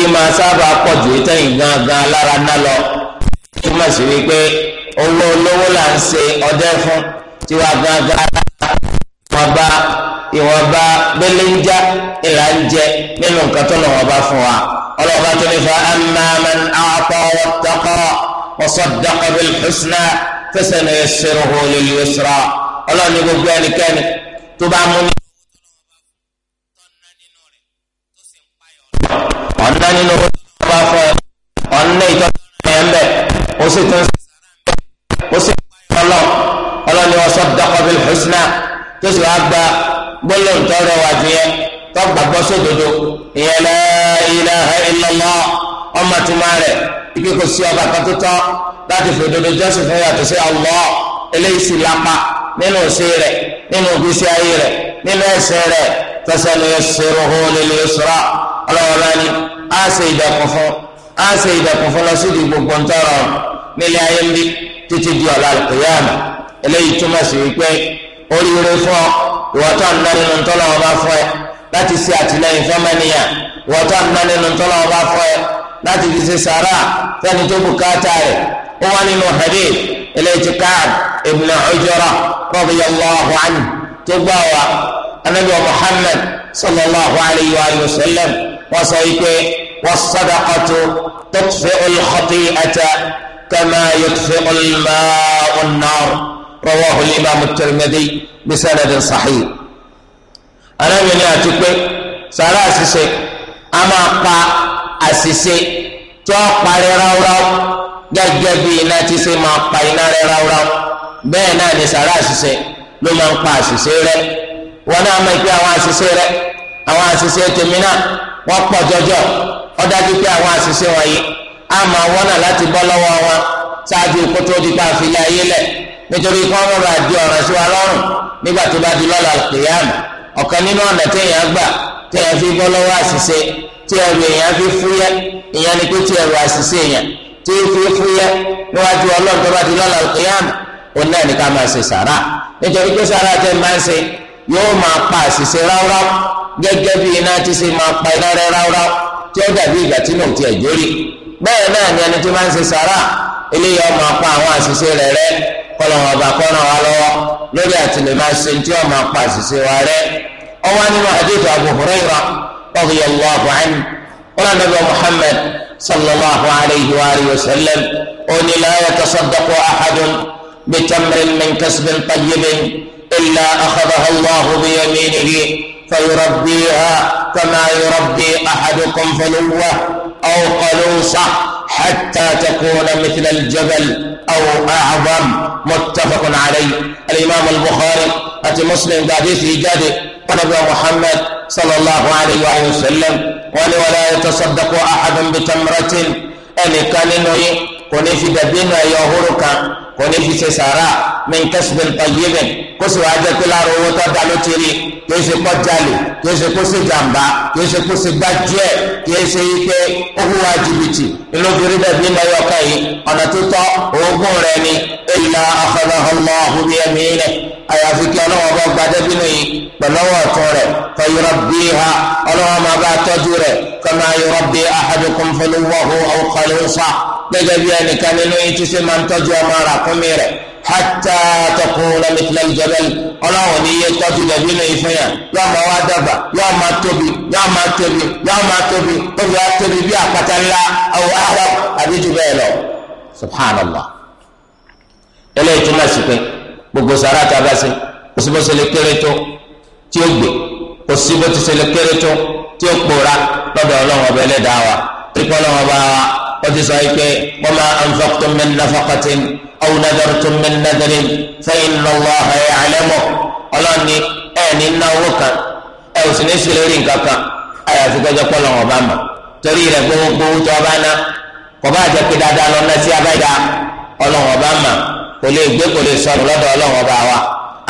ìmọ̀ sábà pọ̀jù ìtẹ̀yìn gangan lára ná lọ túmọ̀ sí wípé owó olówó là ń ṣe ọdẹ fún tiwa gangan lára wọn bá ìwọ̀nba gbẹlẹ́njá ìlà ń jẹ nínú nǹkan tó lọ́wọ́ bá fún wa ọlọ́ba tó ní fa amáman àpọ̀ wọ́tọ́kọ́ wọ́sọ̀dọ́kọ́ bíi husna fẹsẹ̀ ní ìṣirò hólìlì ìṣirò ọlọ́ni gbogbo ẹnikẹ́ni tó bá mú ọ̀nà nínú owó tó bá fún ẹ ọ̀nà ìtọ́jú ẹ̀ ń bẹ̀ ó sì tún ó sì tọ́lọ̀ ọlọ́ni ọ̀sọ́ dọ́kọ̀bí husna tó sì wá gba gbólóhùn tó rẹwà jù yẹn tó gbàgbọ́ sódodo ìyẹn la ilaha illallah ọmọ tó máa rẹ̀ ibi kò sí ọba kan tó tọ́ láti fòdodo jọ́sìn fún yàtọ̀ sí Allah eléyìí sì lápá nínú òsè rẹ̀ nínú ògbésí ayé rẹ̀ nínú ẹsẹ̀ rẹ̀ tẹsán ni yẹn ṣe ròhún lè lè sọ̀rọ̀ ọlọ́wọ́ bá á ṣe ìdẹ̀kùn fún á ṣe ìdẹ̀kùn fún lọ sí di gbogbo ń tọrọ nílé ayé ń bí títí di ọ̀la àlùkìyàmà eléyìí túmọ̀ sí wípé oríire fún ọ ìwọ́tọ̀ nínú tọ́lọ́ ọba fún ẹ láti ṣe àtìlẹyìn fọ́mẹ́nìyàn ìwọ́tọ̀ ń nínú tọ́lọ́ ọba fún ẹ láti fi ṣe sàrà fẹ́ni tó bùkátà rẹ̀ ó wá nínú hadith eléyìí ti Ka'b ibn Ujra radiyallahu anhu tó gbà wá anabi Muhammad sallallahu alayhi wa sallam wọ́n sọ wípé. والصدقة تطفئ الخطيئة كما يطفئ الماء النار رواه الإمام الترمذي بسند صحيح أنا من أتكوي سارة أسيسي أما قا أسيسي توقع لراورا gẹ́gẹ́ bí iná ما ṣe máa pa iná rẹ ráúráú bẹ́ẹ̀ náà ni sàrà àṣìṣe ló máa ń pa àṣìṣe rẹ wọn wọ́n pọ̀ jọjọ ó dájú pé àwọn àṣìṣe wọ̀nyí á máa wọ́nà láti bọ́ lọ́wọ́ wọn ṣáájú kó di káfí ilé ayé lẹ̀ nítorí kí wọ́n bá di ọ̀ràn sí wa lọ́rùn nígbà tó bá di lọ́la kìyàmù ọ̀kan nínú ọ̀nà téèyàn gbà téèyàn fi bọ́ lọ́wọ́ àṣìṣe tí ẹrù èèyàn fi fúyẹ́ ìyẹn ni pé tí ẹrù àṣìṣe èèyàn tí fi fúyẹ́ níwájú ọlọ́run tó bá di lọ́la kìyàmù òun náà ní ká máa ṣe sàrà nítorí pé sàrà tẹ́ máa ń ṣe yóò máa pa àṣìṣe gẹ́gẹ́ bí iná ti ṣe máa pa iná rẹ ráúráú tí ó dàbí ìgbà tí náà ti ẹjọ́ rí bẹ́ẹ̀ náà ni ẹni tí máa ń ṣe sàrà eléyìí ọmọ apá àwọn àṣìṣe rẹ rẹ kọlọmọ ọba kọrọ wa lọ́wọ́ lórí àtìlẹ máa ṣe tí ọmọ apá àṣìṣe wa rẹ ọwọ nínú hadith Abu Hurairah radiyallahu anhu qala nabi Muhammad sallallahu alayhi wa alihi wa sallam oni la yatasaddaqu ahadun bitamrin min kasbin tayyibin illa akhadaha Allahu biyaminihi. فيربيها كما يربي أحدكم فلوة أو قلوصة حتى تكون مثل الجبل أو أعظم متفق عليه الإمام البخاري أتي مسلم حديث إيجاده قال محمد صلى الله عليه وآله وسلم قال ولا يتصدق أحد بتمرة أن كان kòní fi dàbínú ẹyọ ọhúrú kan kòní fi ṣe كسب min kasbin tayyibin kó sì wá jẹ́ kìí ṣe kó jalè kìí ṣe kó ṣe jàmbá kìí ṣe kó ṣe gbájúẹ̀ kìí ṣe ike òhùwà jìbìtì ìlóbìnrin dàbí lọ́yọ̀ká yìí ọ̀nà tó tọ́ oògùn rẹ̀ ni illa akhadahu Allahu bi yaminihi àyàfi kí ọlọ́wọ́n bá gba dẹ́bínú yìí pẹ̀lọ́wọ́ ọ̀tún rẹ̀ fa yurabbiha ọlọ́wọ́n máa bá tọ́jú rẹ̀ kama yurabbi ahadukum fuluwahu aw qalusa gẹ́gẹ́ bí ẹnìkan nínú yìí ti ṣe máa ń tọ́jú ọmọ rà kúnmí rẹ̀ hata takuna mitla aljabal ọlọ́run ní iye tọ́jú dàbí lóye fún yà yóò máa wá dàgbà yóò máa tóbi yóò máa tóbi yóò máa tóbi tóbi wá tóbi bí àpáta ńlá àwọn arab àbí jù bẹ́ẹ̀ lọ subhanallah eléyìí túmọ̀ sí pé gbogbo sàrà tá a bá ṣe kò kéré tó tí ó gbè kò kéré tó tí ó kpòra lọ́dọ̀ ọlọ́run ọba ẹlẹ́dàá wa tí kò ọba wa wọ́n ti sọ yìí pé wọ́n máa anfaqtum min nafaqatin aw nadartum min nadarin fa inna Allaha ya'lamu ọlọ́run ni ẹ ní ná owó kan ẹ ò sì ní sí lórí nǹkan kan àyàfi gbọ́dọ̀ pọ̀ lọ́wọ́ bá mà torí rẹ̀ gbogbo owó tó ọba ná kò bá jẹ́ pé dáadáa lọ ná sí abẹ́dá ọlọ́wọ́ bá mà kò lè gbé kò lè sọ̀rọ̀ lọ́dọ̀ ọlọ́wọ́ bá wa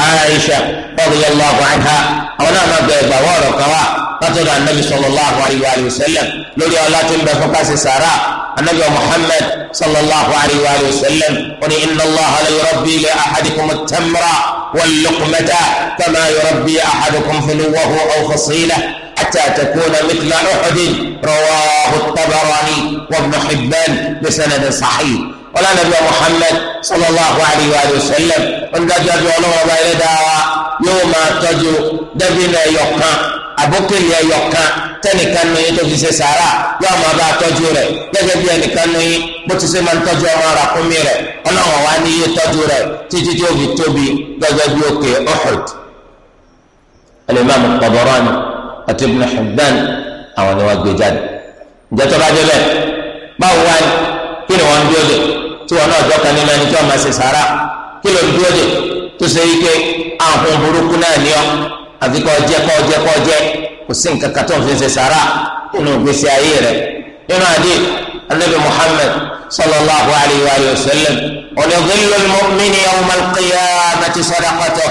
Aisha radiyallahu anha àwọn náà má gbẹ ẹgbàá wọ́ọ̀rọ̀ kan wà látọ̀dọ̀ anabi sallallahu alayhi wa sallam lórí ọlá tó ń bẹ fún kásì sàrà anabi muhammad sallallahu alayhi wa sallam oní inna allah la yurabbi li ahadikum tamra wal luqmata kama yurabbi ahadukum fuluwahu aw fasila حتى تكون مثل أحد رواه الطبراني وابن حبان بسند صحيح ولا نبي محمد صلى الله عليه وآله وسلم ان جاء الله وبا إلى yóò máa tọ́jú dẹ́bìnà ẹ̀yọ̀ kan àbókèlè ẹ̀yọ̀ kan tẹ́nìkan ní yín tó fi ṣe sàárà yóò máa bá tọ́jú rẹ̀ gẹ́gẹ́ bí ẹnìkan ní yín bó ti ṣe máa ń tọ́jú ọmọ ràkúnmí rẹ̀ ọlọ́run wá ní yé tọ́jú rẹ̀ títí tí ó fi tóbi gẹ́gẹ́ bí òkè Uhud. alimami Tabarani àti Ibn Hibban àwọn ni wọ́n gbé jáde ǹjẹ́ tó bá dé bẹ́ẹ̀ báwo wá kí ni wọ́n ń dúró kí ló dúró dè tó ṣe yí pé ahun burúkú náà ni ọ àfi kọ́ jẹ́ kọ́ jẹ́ kọ́ jẹ́ kò sí nǹkan kan tó ń fi ṣe sàrà nínú gbèsè ayé rẹ̀ nínú àdé anabi muhammed sallallahu alayhi wa sallam ọ̀nà ìgbélé mọ́mìnì yawma al-qiyamati sadaqata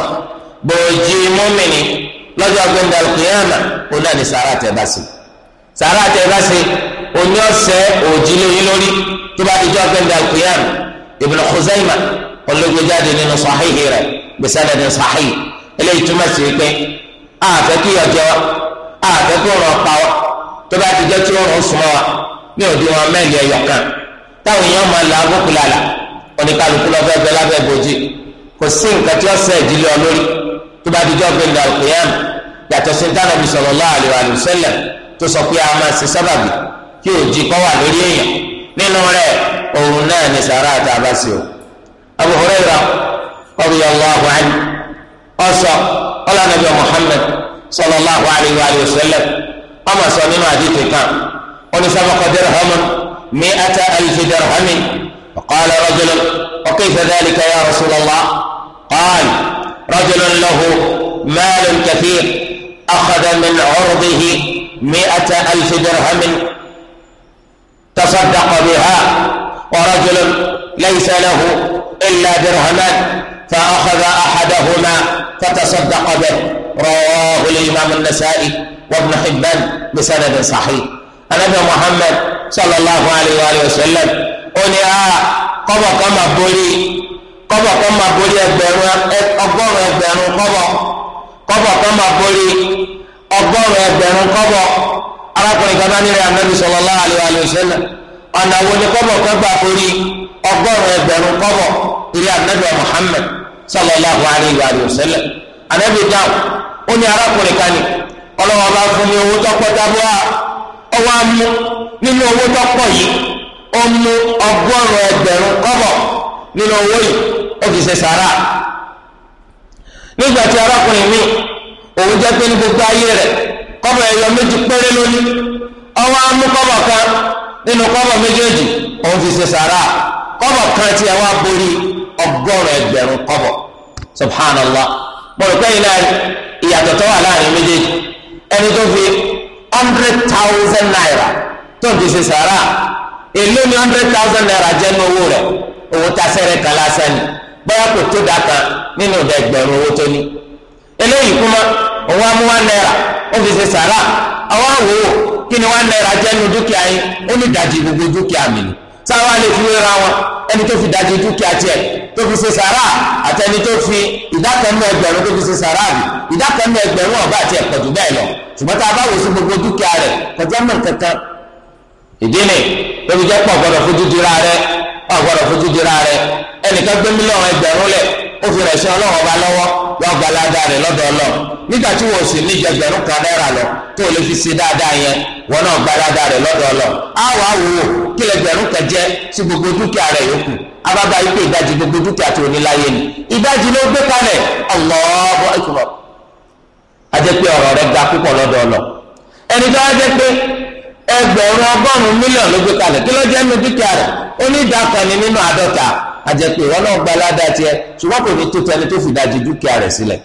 bòójì mọ́mìnì lọ́jọ́ gbẹ̀ndà al-qiyama náà ni sàrà tẹ̀ bá sí sàrà tẹ̀ bá sí òun ọ̀sẹ̀ òjì lórí lórí tó bá dijọ́ gbẹ̀ndà al-qiyama ibn ológun jáde nínú sàhíhì rẹ̀ gbèsèlè ní sàhíhì eléyìí túmọ̀ sí pé àfẹ́ kí ọjọ́ àfẹ́ kó rọ̀ pa ọ́ tó bá ti jẹ́ tí ó rùn súnmọ́ wa ní òdiwọ̀n mẹ́lì ẹ̀yọ̀ kan táwọn èèyàn máa la agbókù lálà oníkàlùkù lọ́fẹ́ bẹ lábẹ́ bòjì kò sí nǹkan tí ó sẹ́ ìdílé ọ lórí tó bá dijọ́ gbé ndàlù kìyàmù yàtọ̀ sí dáná bí sallallahu alaihi wa sallam tó أبو هريرة رضي الله عنه قال قال نبي محمد صلى الله عليه وآله وسلم أما سنين حديثك ونسبق درهم مئة ألف درهم فقال رجل وكيف ذلك يا رسول الله قال رجل له مال كثير أخذ من عرضه مئة ألف درهم تصدق بها ورجل ليس له الا درهمان فاخذ احدهما فتصدق به رواه الامام النسائي وابن حبان بسند صحيح النبي محمد صلى الله عليه واله وسلم اني آه، قضى كما بولي قضى كما بولي اجبرنا اقضى اجبرنا قضى قضى كما بولي اقضى اجبرنا قضى اراكم كما نرى النبي صلى الله عليه واله وسلم انا ولي قضى كما بولي ẹgbẹ̀rún kọ́bọ̀ ilé anabi muhammed sallallahu alayhi wa sallam anabi dáhùn ó ní arákùnrin kan ní ọlọ́wọ́ bá fún mi owó tọ́pọ̀ tábúà ọwọ́ amú nínú owó tọ́pọ̀ yìí ó mú ọgọ́rùn-ún ẹgbẹ̀rún kọ́bọ̀ nínú owó yìí ó fi ṣe sàrà nígbà tí arákùnrin mi òun jẹ́ pé ní gbogbo ayé rẹ̀ kọ́bọ̀ ẹ̀yọ méjì péré lónìí ọwọ́ amú kọ́bọ̀ kan nínú kọ́bọ̀ méjèèjì òun fi ṣe sàrà. kọ́bọ̀ kan tí ẹ wá borí ọgọ́rùn ẹgbẹ̀rún kọ́bọ̀ subhanallah mo rò pé ilé ìyàtọ̀ tó wà láàrin méjèèjì ẹni tó fi hundred thousand naira tó ń fi ṣe sàrà èló ni hundred thousand naira jẹ́ ní owó rẹ̀ owó tasẹ́rẹ́ kan lásán ni bóyá kò tó da nínú ọ̀dọ̀ ẹgbẹ̀rún owó tó ní eléyìí kúmọ́ òun á mú one ó fi ṣe sàrà àwọn àwòwò kí ni one naira jẹ́ nu dúkìá yín ó ní ìdajì gbogbo dúkìá mi ni táwa lè fi wéra wọn ẹni tó fi dajì dúkìá tiẹ̀ tó fi ṣe sàrà àti ẹni tó fi ìdákanú ẹgbẹ̀rún tó fi ṣe sàrà rí ìdákanú ẹgbẹ̀rún ọ̀bá àti ẹ̀pọ̀jù bẹ́ẹ̀ lọ ṣùgbọ́n tá a bá wò sí gbogbo dúkìá rẹ̀ kọjá mọ̀ kankan ìdí ni lóbi jẹ́ pọ̀ gbọ́dọ̀ fojú dira rẹ̀ ọ̀ gbọ́dọ̀ fojú dira rẹ̀ ẹnìkan gbé mílíọ̀nù ẹgbẹ̀rún lẹ̀ ó fi rẹ̀ ṣe ọlọ́wọ́ ba lọ́wọ́ wàá gba aládàá rẹ nígbà tí sì ní ìjẹgbẹ̀rún kan náírà lọ tó o lè fi ṣe dáadáa yẹn wọn náà rẹ àwọn kí kan jẹ sí gbogbo dúkìá rẹ yòókù ababa yìí pé gbogbo dúkìá tó ní ni ìdajì ló gbé kalẹ̀ ajẹ́ pé ọ̀rọ̀ rẹ ga púpọ̀ ẹni tó wá jẹ́ pé ẹgbẹ̀rún ọgọ́rùn-ún ló gbé àjẹpẹ́ ìwọ náà gba ládàá tiẹ̀ ṣùgbọ́n kò ní tó tẹni tó fi dájú dúkìá rẹ̀ sílẹ̀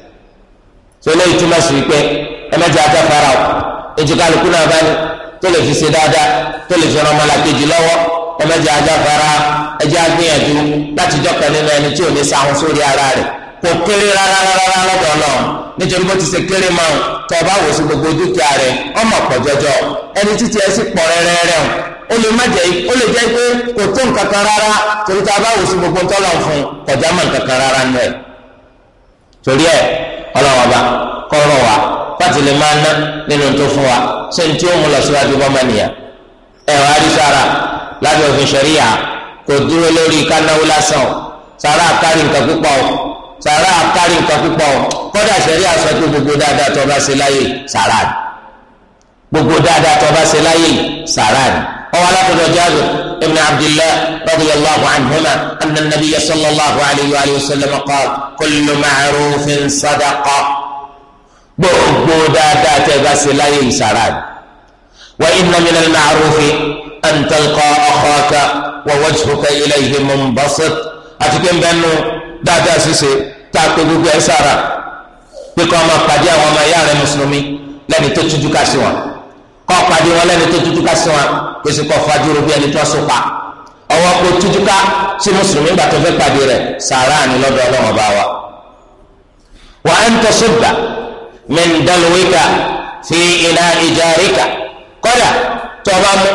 tó lẹ́yìn túmọ̀ sí pé ẹlẹ́jẹ̀ ajá fara ọ̀ èjìká lùkú náà bá ní tó lè fi ṣe dáadáa tó lè fi ran ọmọlàkejì lọ́wọ́ ẹlẹ́jẹ̀ ajá fara ẹjẹ́ agbìyànjú láti jọ́kàn nínú ẹni tí ò ní sahun sórí ara rẹ̀ kò kéré rárá rárá lọ́dọ̀ náà nítorí bó ti ṣe kéré máa tọ́ ọ bá wò sí gbogbo dúkìá rẹ̀ ọmọ pọ̀ ẹni títí ẹ sì pọ̀ rẹ́rẹ́rẹ́ ó lè má jẹ́ ó lè jẹ́ pé kò tó nǹkan kan rárá torí tá a bá wò sí gbogbo ń tọ́lọ̀ fún kọjá mọ́ nǹkan kan rárá nù ẹ̀ torí ẹ̀ ọlọ́wọ́n bá kọ́rọ̀ wa láti lè máa ná nínú tó fún wa ṣé ní tí ó mú lọ síwájú bọ́ mọ́nìyà ẹ̀ wá rí sára lábẹ́ òfin ṣẹ̀ríyà kò dúró lórí kánáwó lásán o sàrà nǹkan púpọ̀ o sàrà nǹkan púpọ̀ kọ́dà ṣẹ̀ríyà sọ pé gbogbo dáadáa tó bá ṣe láyè sàrà gbogbo dáadáa tó bá ṣe láyè sàrà ni. وعلى قدر جابر بن عبد الله رضي الله عنهما أن النبي صلى الله عليه وآله وسلم قال كل معروف صدقة بودا دات بس لا يسران وإن من المعروف أن تلقى أخاك ووجهك إليه منبسط أتكلم بأنه داتا سيسي تاكو بأسارة بكما قد يا وما مسلمي لن تتجوك سواه ọ̀pàdé wọn lẹ́ni tó tútúká sí wọn kèsì kọ́ fàdúró bí ẹni tó sùn pa ọwọ́ kó tútúká sí mùsùlùmí gbà tó fẹ́ pàdé wa. wa min dalwika fi ijarika kọ́dà tọ́ba mú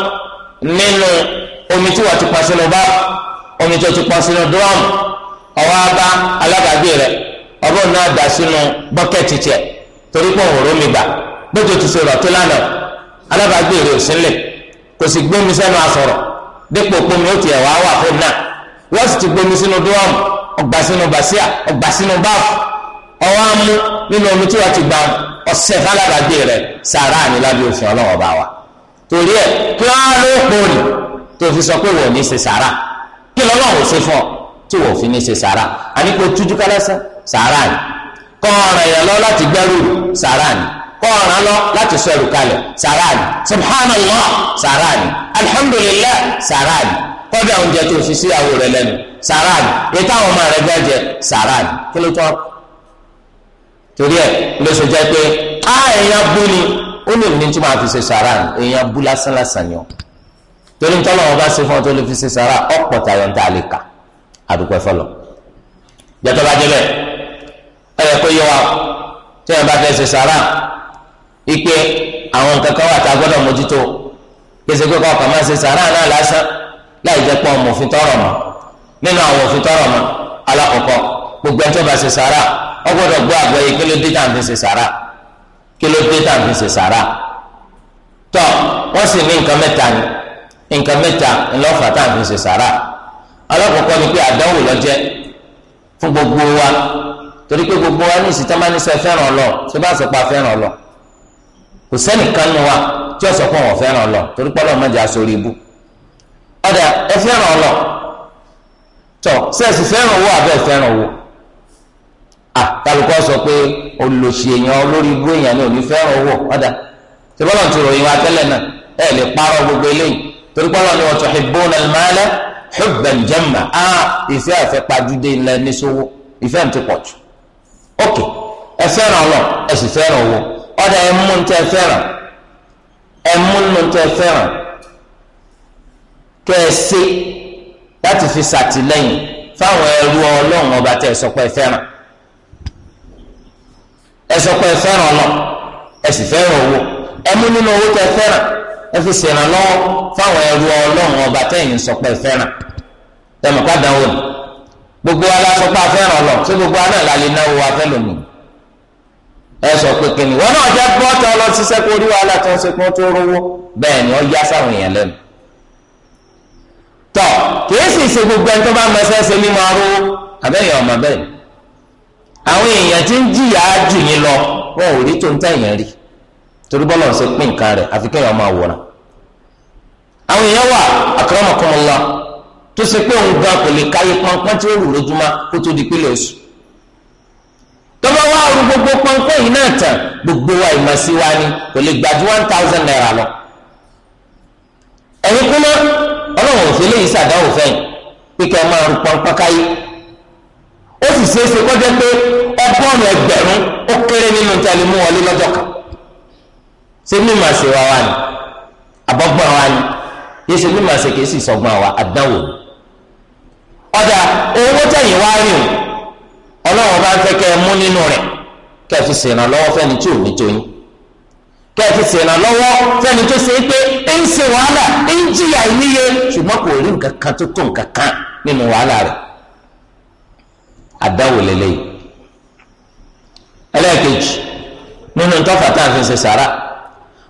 nínú omi tí ti pa sínú alábàágbé rẹ̀ ò sílẹ̀ kò sì gbómi sẹ́nu asọ̀rọ̀ dípò pomi ó tiẹ̀ wá wà fún náà wọ́n sì ti gbómi sínú dúwọ́mù ọgbà sínú bàṣíà ọgbà sínú báàfù ọwọ́ amú nínú omi tí wọ́n ti gbà ọ̀sẹ̀ alábàágbé rẹ̀ sàrà ní lábẹ́ òfin ọlọ́wọ́ bá wa torí ẹ̀ kí wọ́n á ló pòlì tó fi sọ pé wọ́n ní ṣe sàrà kí lọ́lọ́run ṣe fún ọ tí wọ́n fi ní ṣe sàrà àníkó tújú kálásán sàrà ni kọ́ ọ̀ràn yẹn lọ láti gbẹ́rù sàrà ni kọ́ ọ̀ràn lọ láti sọ ẹrù kalẹ̀ sàràní subhanallah sàràní alhamdulillah sàràní kọ́dà oúnjẹ tó fi síyàwó rẹ lẹ́nu sàràní ètò àwọn ọmọ rẹ gbẹ́jẹ sàràní kí ló tọ́ torí ẹ ló ṣe jẹ́ pé a èèyàn bú ni ó ní ìní tí màá fi ṣe sàràní èèyàn bú lásán lásán ni ọ torí ń wọn bá ṣe fún ọ tó lè fi ṣe sàrà ọ̀pọ̀ tayọ̀ ń lè kà àdùpẹ́ fọlọ́ jẹ́tọ́ bá jẹ́ ẹ yẹ kó yẹ wa tí wọn bá fẹ́ ṣe sàrà ipe àwọn nǹkan kan wà tá a gbọ́dọ̀ mójútó pèsè pé kọ́ ọkọ̀ máa ṣe sàrà náà lásán láì jẹ́ pọ́ ọmọ òfin tọrọ mọ́ nínú àwọn òfin tọrọ mọ́ alákọ̀ọ́kọ́ gbogbo ẹjọ́ bá ṣe sàrà ọ gbọ́dọ̀ gbọ́ àgbọ̀yé kí ló dé tá ṣe sàrà kí dé tá ṣe sàrà tọ́ wọ́n sì ní nǹkan mẹ́ta ni nǹkan mẹ́ta ńlọ́fà tá ṣe sàrà alákọ̀ọ́kọ́ ni pé àdánwò ló jẹ́ fún gbogbo wa torí pé gbogbo wa ní ìsìtẹ́mánìsẹ́ fẹ́ràn ọlọ́ ṣé bá sọ pa fẹ́ràn kò sẹ́nìkan nù wa tí ó sọ pé wọn fẹ́ràn lọ torí pé ọlọ́run mẹ́jọ aṣọ orí ibú ọ̀dà ẹ fẹ́ràn lọ tọ sẹ́ẹ̀sì fẹ́ràn owó àbẹ́ fẹ́ràn owó à kálukọ́ sọ pé olùlòsì èèyàn olórí ibú èèyàn ni òní fẹ́ràn owó ọ̀dà tí bọ́lá ti ròyìn wa tẹ́lẹ̀ náà ẹ lè parọ́ gbogbo eléyìí torí pé ni wọ́n tuhibbuna al-mala hubban ọdọ ẹmú ntẹ fẹ́ràn ẹmú ntẹ fẹ́ràn kẹsẹ láti fi ṣàtìlẹ́yìn fáwọn ẹrú Ọlọ́run ọba tẹ ẹsọpọ ẹfẹ́ràn ẹsọpọ ẹfẹ́ràn ọlọ ẹsì fẹ́ràn owó ẹmú nínú owó tẹ fẹ́ràn ẹfi ṣèrànlọ́wọ́ fáwọn ẹrú Ọlọ́run ọba tẹyìn sọpọ ẹfẹ́ràn tẹmọkọ àdánwò ni gbogbo aláṣọpọ afẹ́ràn ọlọ tí gbogbo anáàlá lè náwó afẹ lónìí ẹ sọ pé kíni wọn náà jẹ gbọ́ tó lọ ṣiṣẹ́ kó rí wàhálà tó ń ṣe kó tó rówó bẹ́ẹ̀ ni wọ́n yá sáwọn èèyàn lẹ́nu. tọ kìí sì ṣe gbogbo ẹni tó bá mọ ẹsẹ̀ ní máa rówó àbẹ́yẹn ọmọ bẹ́ẹ̀ ni àwọn èèyàn ti ń jìyà jù yín lọ wọn ò rí tó ń tẹ̀ yẹn rí torí bọ́lá ń ṣe pín nǹkan rẹ̀ àfi kéèyàn máa wòran. àwọn èèyàn wà àkàràmọ̀kọ́mọ́lá tó ṣe pé òun gan kò lè káyé pọnpọ́n tí ó rù tọ́ba wá ru gbogbo pọ́npọ́n yìí náà tán gbogbo wa ìmọ̀ sí wa ni kò lè gbàdú one thousand naira lọ. ẹ̀yin kúmọ́ ọlọ́run òfin léyìí sàdáwò fẹ́yìn pé kí ẹ máa ru pọ́npọ́n káyé ó sì ṣeé ṣe kọ́jọ́ pé ọgọ́rùn-ún ẹgbẹ̀rún ó kéré nínú tẹ̀lé mú wọlé lọ́jọ́ kan ṣé mímọ̀ sí wa wa ni àbọ̀gbọ̀n wa ni yé ṣe mímọ̀ sí kì sì sọgbọ́n wa àdánwò ọ̀dà owó tẹ̀yìn wá rìn ọlọ́run bá fẹ́ kẹ́ ẹ mú nínú rẹ̀ kẹ́ ẹ fi ṣèrànlọ́wọ́ fẹ́ni tí ò ní tó kẹ́ ẹ fi ṣèrànlọ́wọ́ fẹ́ni tó ṣe é pé ẹ ń ṣe wàhálà ẹ ń jìyà ìníye ṣùgbọ́n kan tó tó nǹkan kan nínú wàhálà rẹ̀ àdáwò ẹlẹ́ẹ̀kejì nínú tọ́fà tá fi ṣe sàrà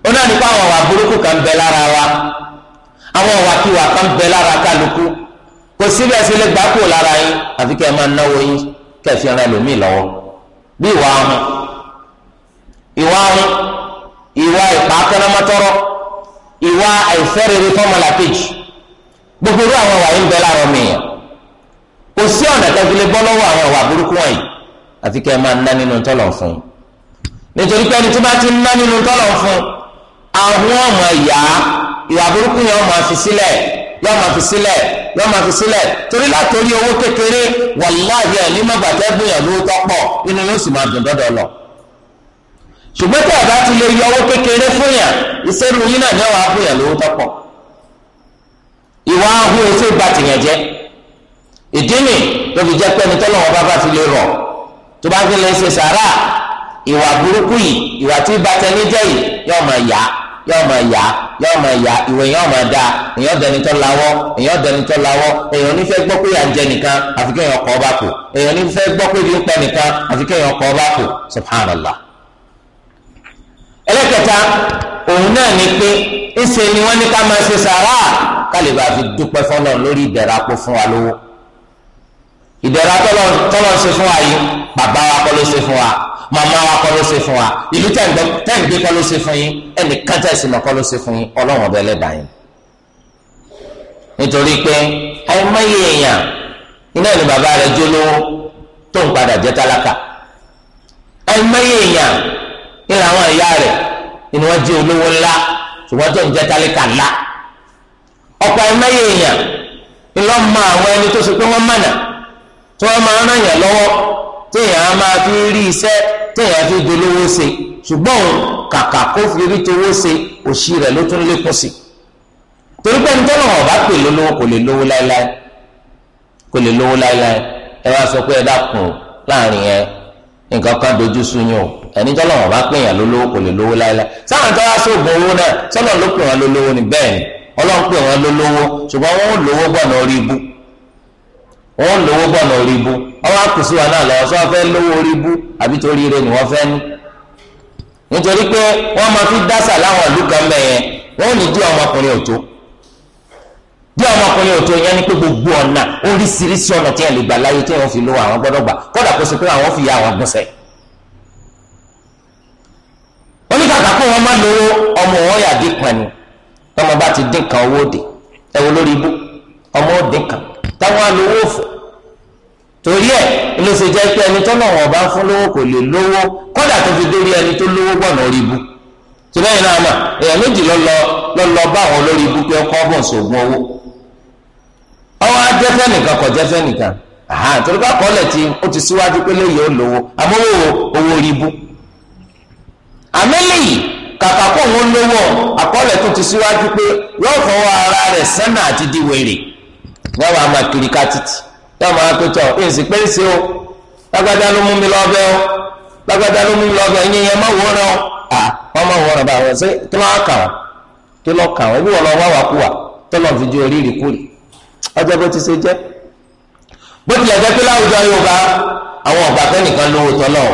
ó náà nípa àwọn burúkú kan bẹ wa àwọn kan bẹ lára kálukú kò síbẹ̀ sílẹ̀ gbáko lára yín máa náwó kẹsì ọ̀rẹ́ lòmíì lọ́wọ́ bí ìwà ahun ìwà ahun ìwà ìpà akọ́nàmọ́tọ́rọ́ ìwà àìfẹ́rẹ̀rẹ̀ fọ́mọlà kejì gbogbo irú àwọn wàyí ń bẹ láàrọ̀ mìíràn kò sí ọ̀nà tẹ́fílẹ̀ bọ́ lọ́wọ́ àwọn ìwà burúkú wọ̀nyí àfi kẹ́ ẹ máa ná nínú tọ́lọ̀ fún un nítorí pé ẹni tó bá ti ná nínú tọ́lọ̀ fún un àwọn ọmọ ìyá ìwà burúkú yẹn ọmọ àfi sílẹ̀ yóò máa fi sílẹ̀ yóò máa fi sílẹ̀ torí látòrí owó kékeré wàláhì ẹni mọgbà tẹ gbìyànjú tó pọ̀ inú yóò sì máa dùn dọdọ lọ. ṣùgbọ́n tí ọ̀gá ti lè yọ owó kékeré fún yàn ìṣerú yín náà ní ọ̀wá fún yàn lówó tó pọ̀. ìwà ahun èso ìgbà tìyàn jẹ ìdí nì tó fi jẹ́ pé ẹni tọ́lọ́wọ́ bá bá fi lè rọ̀ tó bá fi lè ṣe sàrà ìwà burúkú yìí ìwà tí ìbátẹni jẹ́ yóò máa yá yóò máa yá ìwé yóò máa dá èèyàn dẹni tó lawọ́ èèyàn dẹni tó lawọ́ èèyàn nífẹ̀ẹ́ gbọ́ pé à ń jẹ nìkan àfi kéèyàn kọ́ bá kù èèyàn nífẹ̀ẹ́ gbọ́ pé ìlú pẹ́ nìkan àfi kéèyàn kọ́ bá kù subhanallah. ẹlẹ́kẹta òun náà ni pé ńṣe ni wọ́n ní ká máa ṣe sàrà kálíbà fi dúpẹ́ fọ́nà lórí ìdẹ̀ra kó fún wa lówó ìdẹ̀ra tọ́lọ́ ṣe fún wa yìí bàbá wa kọ́ ló ṣe fún wa màmá wa kọ́ ló ṣe fún wa ìlú tẹ̀gbẹ́ kọ́ ló ṣe fún yín ẹnì kẹta ìsìn mọ̀ kọ́ ló ṣe fún yín ọlọ́run ọbẹ̀ lẹ́dàá yín. nítorí pé àìmọye èèyàn iná ni bàbá rẹ̀ jó lówó tó ń padà jẹ́ tálákà àìmọye èèyàn ìlà àwọn ìyá rẹ̀ ni wọ́n jẹ́ olówó ńlá ṣùgbọ́n tó ń jẹ́ tálákà ńlá ọ̀pọ̀ àìmọye èèyàn ńlọ mọ àwọn ẹni tó ṣe pé wọ́n mọ̀nà tí wọ́n máa ń ràn yàn lọ́wọ́ tí èèyàn á máa fi rí iṣẹ́ téèyàn fi dolówó ṣe ṣùgbọ́n kàkà kó fi rí towó ṣe òṣì rẹ̀ ló tún lékún sí torí pé nítorí wọn bá pè lólówó kò lè lówó láéláé kò lè lówó láéláé ẹ wá sọ pé ẹ dákun láàrin yẹn nǹkan kan dojú sú yín o ẹni tọ́lọ̀ wọn bá pèèyàn lólówó kò lè lówó láéláé sáwọn tó wá sóògùn owó náà sọ́nà ló pè wọn lólówó ni bẹ́ẹ̀ ni ọlọ́run pè wọn lólówó ṣùgbọ́n wọn ò lówó gbọ́nà orí ibú ó lówó bọ̀nà orí bú ọwọ́ ala wa náà lọ́wọ́ sọ fẹ́ lówó orí bú àbí torí ire ni wọ́n fẹ́ ní. nítorí pé wọ́n máa fi dásà láwọn ìlú kan bẹ̀yẹn wọ́n ní díẹ̀ ọmọkùnrin òtó díẹ̀ ọmọkùnrin òtó yẹn ni pé gbogbo ọ̀nà oríṣiríṣi ọ̀nà tí lè gbà láyé tí wọ́n fi lówó àwọn gbọ́dọ̀ ya àwọn gbọ̀nsẹ̀. oníkàkà lówó ọmọ wọn yà ti torí ẹ ló ṣe jẹ́ pé ẹni tọ́nà wọn bá fún lówó kò lè lówó kọdà tó fi dórí ẹni tó lówó orí ibu ṣùgbọ́n náà mà èèyàn méjì ló lọ bá àwọn olórí ibu pé ọkọ ọbọ̀n ṣògùn owó ọwọ́ ajẹ́fẹ́ nìkan jẹ́fẹ́ nìkan torí kọ́lẹ̀ tí ó ti síwájú pé ó ibu kàkà kó òun lówó tó ti síwájú pé ara rẹ̀ sẹ́nà àti wọ́n yóò máa pé tọ èsì pé èsì o lágbádá ló mú mi lọ́bẹ̀ o lágbádá ló mú mi lọ́bẹ̀ ẹ̀yin yẹn máa wòran o à wọ́n máa wòran bá wọn ṣe kí lọ́ọ́ kà wọ́n kí lọ́ọ́ kà wọ́n ẹbí wọn lọ wá wà kú wa tó lọ́ọ́ fi ju oríire kú rí ọjọ́ bó ti ṣe jẹ́ bó tilẹ̀ jẹ́ pé láwùjọ Yorùbá àwọn ọ̀gá kẹ́nìkan lówó tọ́lọ́ o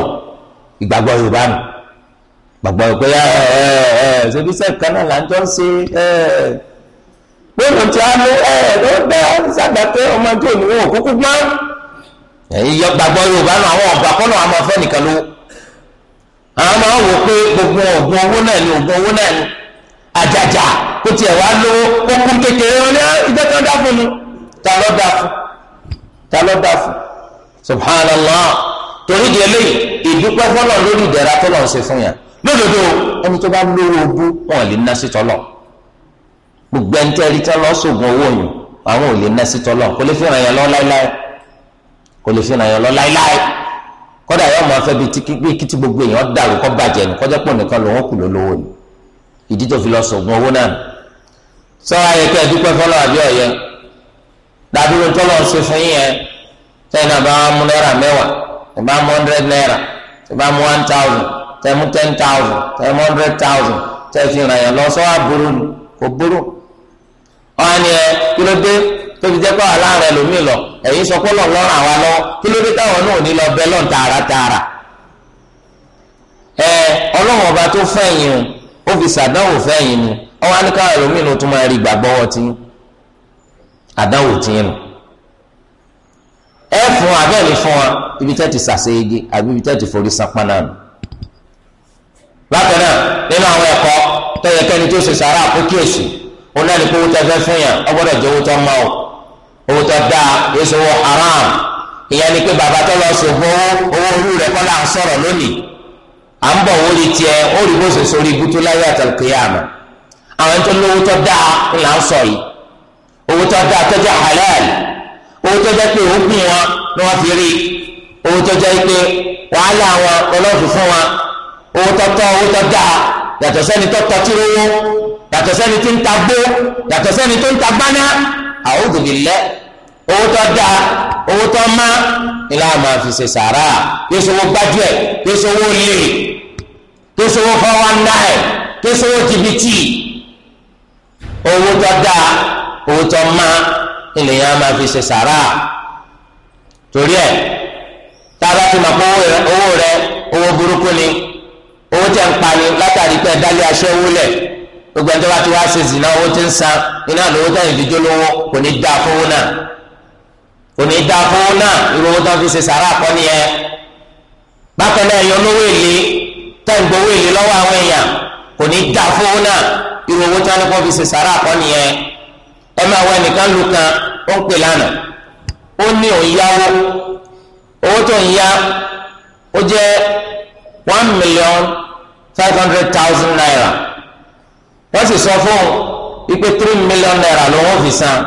ìgbàgbọ́ Yorùbá nù gbàgbọ́ Yorùbá pẹ̀lú tí a lé ẹ̀ẹ́dọ́ bẹ́ ṣàgbà pé ọmọ tó ní wọn kúkú gbọ́n. ẹ̀yin yọ gbàgbọ́ yorùbá náà àwọn ọ̀gbà kọ́nà àwọn afẹ́ nìkan ló àwọn máa ń wò pé gbogbo oògùn owó náà ni oògùn owó náà ni àjàjà kó tiẹ̀ wá lówó kó kún kékeré wọn ní ah, ìjẹ́ kan dá fún mi ta ló dá fún ta ló dá fún subhanallah torí di eléyìí ìdúpẹ́ fọlọ́ lórí ìdẹ̀ra tọ́lọ́ ń ṣe fún yàn lódodo ẹni tó bá lówó ogún wọn lè ná sí tọ́lọ́ gbogbo ẹni tẹ́ rí tẹ́ lọ sóògùn owó yìí àwọn ò lè ná sí tọ́lọ̀ kò lè fi ràn yẹn lọ láéláé kò lè fi ràn yẹn lọ láéláé kọ́dà yóò máa fẹ́ bi kíkí gbogbo èèyàn dàrú kọ́ bàjẹ́ ni kọ́jà pọ̀ nìkan lòun kù lólówó ni ìdí tó fi lọ sóògùn owó náà sọ ayẹkẹ dúpẹ́ fọlọ́ àbí ọ̀yẹ dàdúró tọ́lọ̀ ṣe fún yín yẹn tẹ́yìn náà bá wọn mú náírà mẹ́wàá tẹ́ bá mú hundred naira, tẹ́ bá mú one thousand tẹ́ mú ten thousand tẹ́ mú hundred thousand tẹ́ fi ràn yẹn lọ sọ́ àbúrò kò búrò ọ̀hán ni ẹ kí tóbi jẹ́ pé aláàrẹ lómi lọ ẹ̀yin sọ pé àwa lọ táwọn náà ní lọ bẹ lọ́n tààràtààrà ẹ ọlọ́run ọba tó fẹ́yìn o ó fi sàdánwò ni ọwọ́ aníkàwé lómi ló tún máa rí gbàgbọ́ àdánwò ẹ fún abẹ́ẹ̀lì fún wa ibi tẹ́ ti àbí ibi tẹ́ ti forí bákan náà nínú àwọn ẹ̀kọ́ tó yẹ kẹ́ni tó ṣe sàrà òun náà ní kó owó tó fẹ́ fún yàn ọ gbọ́dọ̀ jẹ́ owó tó mọ́ o owó tó dáa yóò ṣe owó haram ìyẹn ni pé bàbá tó lọ sògbó owó olú rẹ̀ kọ́ là ń sọ̀rọ̀ lónìí à ń bọ̀ wọ́n lè tiẹ̀ ó rí bó ṣe sórí ibùtú láyé àtàlùkìyà àmọ́ àwọn tó lówó tó dáa ń là ń sọ yìí owó tó dáa tó jẹ́ halal owó tó jẹ́ pé òun pin wọn ni wọ́n fi rí owó tó jẹ́ pé wàhálà wọn ọlọ́ọ̀fù fún wọn owó tó tọ́ owó tó dáa yàtọ̀ sẹ́ni tó tọ́ tí ó wó yàtọ̀ sẹ́ni tó ń ta gbó yàtọ̀ sẹ́ni tó ń ta gbáná a'udhu billah owó tó dáa owó tó má ilá máa fi ṣe sàrà kí sowó gbájúẹ̀ kí sowó lè kí sowó fọwọ́ ńlá ẹ̀ kí sowó jìbìtì owó tó dáa owó tó má ilẹ̀yìn á máa fi ṣe sàrà torí ẹ̀ tá a bá ti owó rẹ owó burúkú ni owó tẹ̀ ń pa ni látàrí pé ẹ̀ dálé aṣẹ́wó lẹ̀ gbogbo ẹni tó bá ti wá ṣe zina owó ti ń san iná lówó tó yẹn fi jó lówó kò ní dá fowó náà kò ní dá fowó náà irú owó tó ń fi ṣe sàrà kọ́ nìyẹn bákan náà yọ lówó èlé tó ń gbowó èlé lọ́wọ́ àwọn èèyàn kò ní dá fowó náà irú owó tó ń fi ṣe sàrà kọ́ nìyẹn ẹ máa wọ ẹnìkan lu kan ó ń pè lánàá ó ní òun yáwó owó tó ń yá ó jẹ́ one million five hundred thousand naira. wọ́n sì sọ fún ipe three million naira ló wọ́n fi san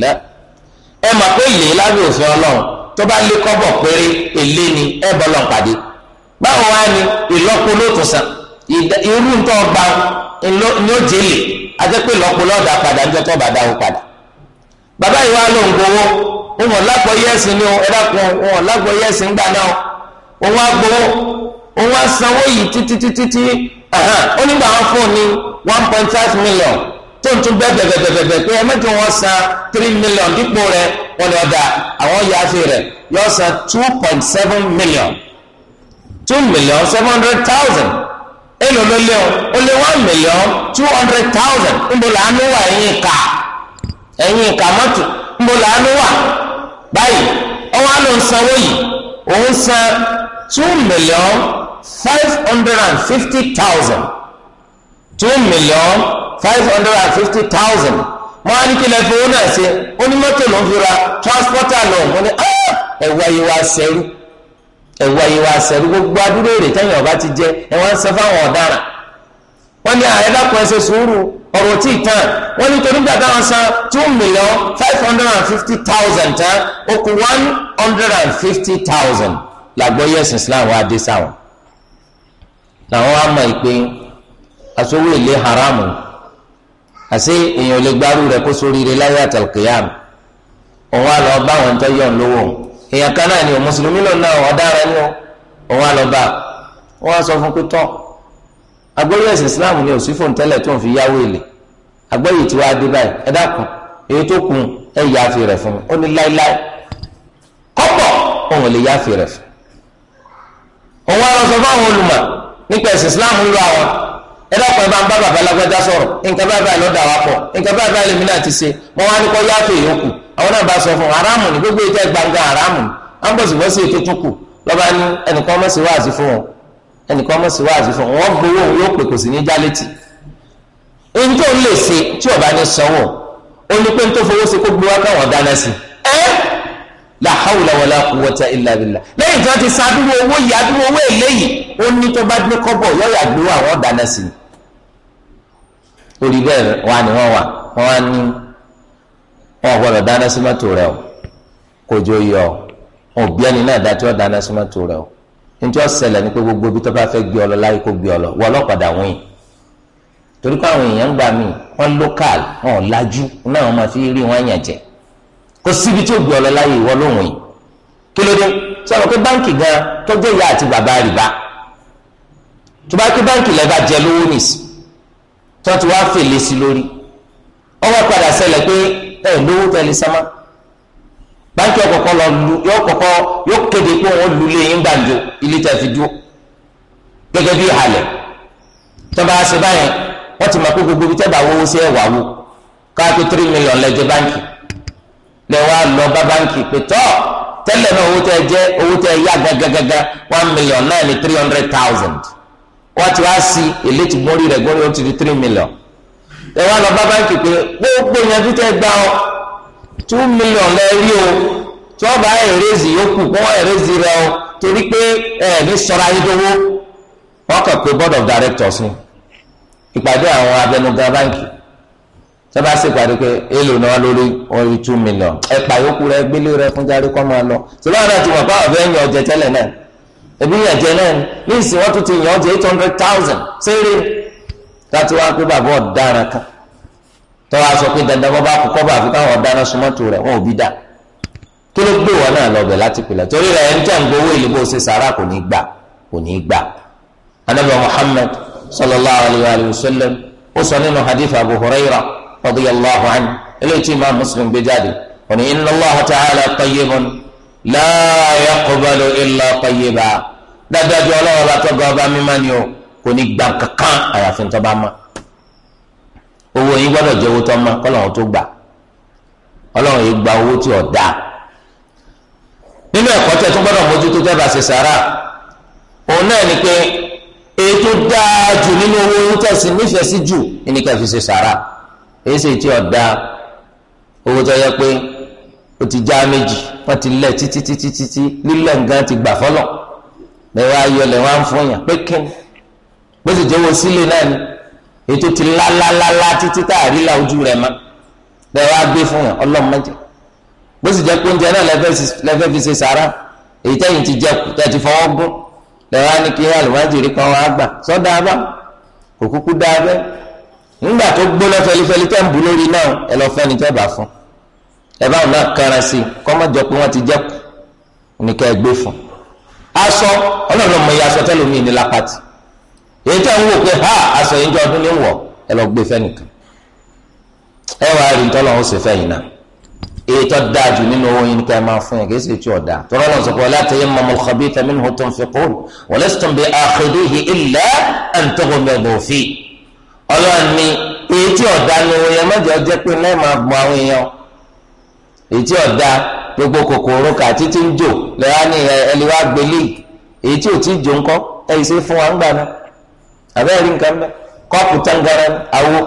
la ẹ mà pé èlé lábẹ́ òfin ọlọ́run tó bá lé kọ́bọ̀ péré èlé ni ẹ bọ́ lọ́n pàdé báwo wá ni ìlọ́po ló tún san irú gba padà bá padà bàbá ló ń gbowó yẹ́sìn ni ẹ dákun ó nígbà wọn fún ní one point five million tó ń tún bẹ́ẹ̀ bẹ̀bẹ̀bẹ̀bẹ̀ pé ẹ mẹ́jọ wọn san three million dípò rẹ̀ wọn ni ọ̀dà àwọn yaafe rẹ̀ yọ san two point seven million two million seven hundred thousand èlò ló lé o ó lé one million two hundred thousand níbo làánú wà ẹ̀yìn ìka ẹ̀yìn ìka mọ́tò níbo làánú wà báyìí ọwọ́ àlọ́ ń sanwó yìí òun san two million five hundred and fifty thousand two million five hundred and fifty thousand wọn á ní kí lẹ́fọ̀ owó náà onímọ́tò ló ń fi transporter náà wọn ni ah, ẹ̀wá yìí wá sẹ́rú ẹ̀wá yìí wá sẹ́rú gbogbo adúlé rẹ̀ tẹ́yìn ọba ti jẹ ẹ̀wá ń san fáwọn ọ̀daràn wọn ní àyẹ̀dàpọ̀ ah, ẹ̀ṣẹ̀ sùúrù ọ̀rọ̀ tí ì tán wọn ní torí gbàgbà wọn san two million five hundred and fifty thousand tán ó kù one hundred and fifty thousand làgbọ́ yẹ̀sìn Islam wa dé sáwọn làwọn wá mọ̀ ìpè aṣọ́wó èlé haramu àṣé èèyàn lè gbárù rẹ̀ kó sórí rẹ̀ láyé àtàlùkìyàm òun á lọ bá àwọn tó yọ̀ ń lówó èèyàn kan náà ni ò mùsùlùmí lòun náà ọ̀daràn ni òun á lọ bá wọn á sọ fún pé tọ́ agbóyè ẹ̀sìn Islam ni òsì fòun tẹ́lẹ̀ tó ń fi yáwó èlé agbóyè tí wàá dé báyìí ẹ dákun èyí tó kun ẹ yááfì rẹ̀ fún mi ó ní láéláé kọ́pọ̀ òun lè yááfì rẹ̀ fún òun á sọ fún àwọn olùmọ̀ nípa ẹ̀sìn islam ń lo àwọn ẹ̀rọ kan bá ń bá bàbá alágbájá sọ̀rọ̀ nǹkan bá báyìí lọ́dà wa pọ̀ nǹkan bá báyìí lèmi náà ti ṣe mo wá ní kọ́ yáàfẹ́ ìyókù àwọn náà bá sọ fún haramu ní gbogbo ìjà gbangba haramu ní wọ́n bọ̀ síbọ̀ sí ètò tún kù lọ́ba ní ẹnìkan mọ̀ sí wáàzì fún wọn ẹnìkan mọ̀ sí wáàzì fún wọn wọ́n gbowó la hawla wala quwwata illa billah lẹ́yìn tí wọ́n ti sa dúró owó yìí adúró owó eléyìí ó ní tó bá dé kọ́bọ̀ yọ̀yà gbowó àwọn dáná sí i torí bẹ́ẹ̀ wà ní wọ́n wà wọ́n wá ní wọn gbọ́dọ̀ dáná sí mọ́tò rẹ o kò jó yọ o òbí ẹni náà dá tí wọ́n dáná sí mọ́tò rẹ o ní wọ́n ṣẹlẹ̀ ní pé gbogbo ibi tó bá fẹ́ gbé ọ lọ láyé kó gbé ọ lọ wọ́n ọlọ́pàdà wọ̀nyí torí pé àwọn èèyàn gbà mí wọ́n lókàl wọn ò náà wọ́n máa fi rí wọn yàn jẹ́ kò síbi tí ó gbé ọlọ láyé ìwọ lóhùn yìí kí ló dé sọ̀rọ̀ pé báǹkì gan tọ́jú ìyá àti bàbá rìbá tó bá pé báǹkì lẹ́ẹ̀ bá jẹ lówó nìsí tó ti wá fèlè sí lórí ọwọ́ padà ṣẹlẹ̀ pé ẹ̀ lówó tẹ̀lé sẹ́mọ́ báńkì ọkọ̀kọ̀ lọ lu yọ kọ̀kọ́ yọ kéde pé wọ́n lu lé yín ilé tẹ̀ fi dúró gẹ́gẹ́ bí ìhàlẹ̀ tọ́ba ṣe báyẹn wọ́n ti mọ̀ pé gbogbo ibi tẹ́ bá wọ́wọ́ sí ẹ̀wà wo káàkiri three million lẹ́jẹ̀ báńkì lẹ́wọ́ lọ bá báńkì pé tọ́ tẹ́lẹ̀ náà owó tẹ́ jẹ́ owó tẹ́ yá gágágágá one million náà three hundred thousand wọ́n ti wá sí èlé ti mórí rẹ̀ gbọ́dọ̀ ó ti di three million lẹ́wọ́ lọ bá báńkì pé gbogbo ìyànjú tẹ́ gbà ọ́ two million lẹ́ rí o tí wọ́n bá ẹ̀rẹ́zì yókù kó wọ́n ẹ̀rẹ́zì rẹ o torí pé ẹ̀ẹ́dì sọ̀rọ̀ ayédowó wọ́n kàn pé board of directors ni ìpàdé àwọn abẹnugan báńkì sábà ṣèpàdé pé èlò náà lórí orí two million ẹ̀pà yòókù rẹ gbélé rẹ fún járí kọ́ máa lọ sábà náà ti wọ̀ pé àwọn fẹ́ yan ọjẹ tẹ́lẹ̀ náà ẹbí yàn jẹ náà ní ìsìn wọn tún ti yan ọjẹ eight hundred thousand ṣeré láti wá pé bàbá ọ̀daràn kan tọ́wọ́ aṣọ pé dandan bọ́ bá kú kọ́ bá fi káwọn ọ̀daràn súnmọ́tò rẹ̀ wọn ò bí dà kí ló gbé wọn náà lọ́bẹ̀ radiyallahu anhu eléyìí tí imam muslim gbé jáde òní inna Allaha ta'ala tayyibun la yaqbalu illa tayyiba dáadáa ju ọlọ́wọ́ bá tọ́gbà ọba mímá ni o kò ní gbà kankan àyàfi tó bá ma owó yín gbọ́dọ̀ jẹ́ owó tó ma kọ́lọ́hún tó gbà ọlọ́run yìí gba owó tí ò dáa nínú ẹ̀kọ́ tẹ̀ tó gbọ́dọ̀ mójútó tẹ́ bá ṣe sàrà òun náà ni pé èyí tó dáa jù nínú owó tẹ̀sí nífẹ̀ẹ́ sí jù ní ká fi ṣe sàrà. èsì tí ọda owó tó yẹ pé o ti já méjì wọ́n ti lẹ̀ títí títí títí lílẹ̀ nǹkan ti gbà fọ́lọ̀ lẹ́wọ́ ayọ̀lẹ̀ wọn á pé sílé náà ni ètò ti lálálálá títí tá ojú fún ọlọ́mọdé bó pé oúnjẹ náà sàrà èyí ti jẹ́ kù ti fọwọ́ gún lẹ́wọ́ gbà abá òkúkú nígbà tó gbóná fẹlifẹli tẹ́ ń bu lórí náà ẹ lọ fẹ́ni tẹ́ bá fún ẹ bá wọn náà kanra sí i kọ́mọ́jọ pé wọ́n ti jẹ́ kù ní ká ẹ gbé fún aṣọ ọlọ́run mọ iye aṣọ tẹ́lómi ní lápàtì èyí tẹ́ ń wò pé ha aṣọ yìí ń jọ ọdún ní wọ̀ ẹ lọ gbé fẹ́nìkan ẹ wàá rí tọ́lọ́ ó sì fẹ́yìn náà èyí tó dáa jù nínú owó yín ká ẹ máa fún yẹn kì í sì tí ò dáa tọ́lọ́ náà sọ pé wala tayammamul khabitha minhu tunfiqun wa lastum bi'akhidhihi illa an tughmidu fihi. ọlọ́ọ̀ni eyi tí ọ̀dá ni wọ́n yẹ mọ́jọ jẹ́ pé náà máa àwọn èèyàn èyí tí gbogbo kòkòrò kà títí ń jò lẹ́wà ní ẹlẹ́wà gbélé èyí tí jò ńkọ́ ẹ̀yìn sí fún wa ń gbà náà àbẹ́rẹ́ nǹkan awo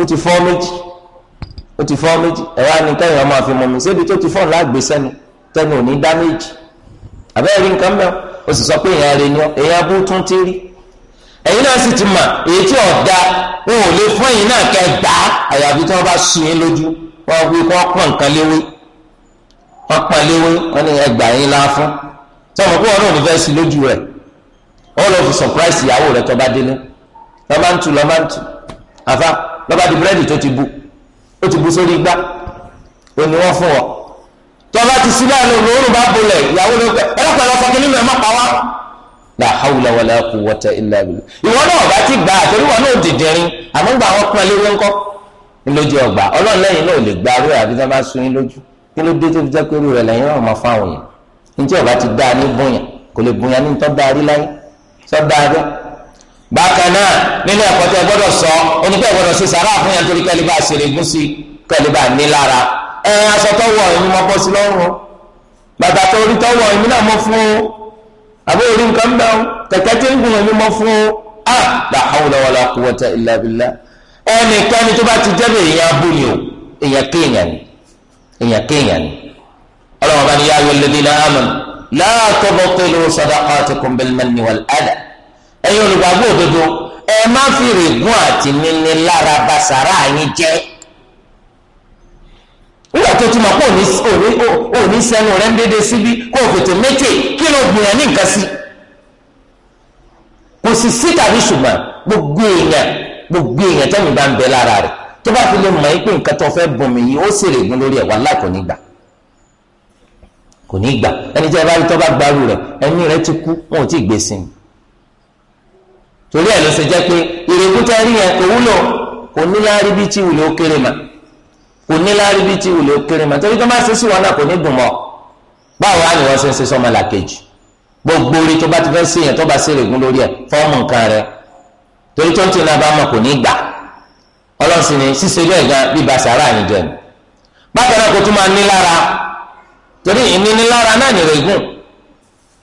ó ti fọ́ méjì ó ti fọ́ méjì ọmọ síbi tó ti fọ́ láàgbé sẹ́nu ò ní dá méjì àbẹ́rẹ́ nǹkan sọ pé ni ẹ̀yin náà sì ti mọ̀ èyí tí ọ̀dà wọn ò lè fún ẹ̀yin náà kẹ́ gbà á àyàfi tí wọ́n bá sùn yín lójú wọ́n fi kọ́ pọ̀ nǹkan léwé wọ́n pọ̀ léwé wọ́n ní ẹgbà yín la fún tí wọ́n kó wọn náà fẹ́ sí lójú rẹ̀ wọ́n lọ fi surprise ìyàwó rẹ̀ tó bá délé lọ́ba ń tu lọ́ba ń tu àfa lọ́ba di búrẹ́dì tó ti bu ó ti bu sórí igbá ó ní wọ́n fún wọn tọ́ba ti sílẹ̀ lóòrùn bá bolẹ̀ ìyàwó ló la hawla wala quwwata illa billah ìwọ náà bá ti náà dìdìrín gba àwọn ọgbà náà lè gba àbí sábà sun yín lójú kí ló dé tó fi pé náà máa fáwọn yìí ọba ti ní bóyá kò lè bóyá sọ bákan náà nínú ẹ̀kọ́ sọ gbọ́dọ̀ sàrà fún yàn torí bá ṣeré gún sí ní lára àbẹ́ orí nǹkan bẹ́ẹ̀ o kẹ̀kẹ́ tí ń gùn ẹ̀mí mọ́ fún o a la hawla wala quwwata illa billah ẹnìkan ni tó bá ti jẹ́ bẹ́ẹ̀ èèyàn abú ni o èèyàn kéèyàn ni èèyàn kéèyàn ni ọlọ́wọ́n bá ní yá ayọ̀ alladhina amanu la tubtilu sadaqatikum bil manni wal adha ẹ̀yin olùgbàgbọ́ òdodo ẹ má fi règùn àti níní lára bàṣàrà yín jẹ́ nígbà tó ti mọ̀ kó òní sẹ́nu rẹ̀ ń dédé síbí kó o fètè méjì kí ló gbìyàn ní nǹkan sí. kò sì sí tàbí ṣùgbọ́n gbogbo èèyàn gbogbo èèyàn tẹ́mi bá ń bẹ lára rẹ̀ tó bá fi lè mọ̀ ẹ́ pé nǹkan tó fẹ́ bùnmi yìí ó sì règùn lórí ẹ̀ wàláhì kò ní gbà kò ní gbà ẹni tí a tó bá gbarú rẹ̀ ẹni rẹ̀ ti kú wọn ò tí ì gbé sí ni torí ẹ̀ ló ṣe jẹ́ pé ìrègùn tẹ́ rí yẹn kò wúlò kò ní láárí bí tí wùlé kò ní lárí bíi ti wùlé kéré mọ́ torí tó bá ṣe sí wọn náà kò ní dùn mọ́ báwo á ní wọ́n ṣe ń ṣe sọ́mọ làkejì gbogbo orí tó bá ti fẹ́ sí yẹn tó bá ṣe règún lórí ẹ̀ fọ́ọ̀mù nǹkan rẹ torí tó ń tì náà bá mọ̀ kò ní gbà ọlọ́sìn ni ṣíṣe bẹ́ẹ̀ gan bíba sàrà ni jẹ́ bákan náà kò tún máa ní lára torí ìnínilára náà ní règún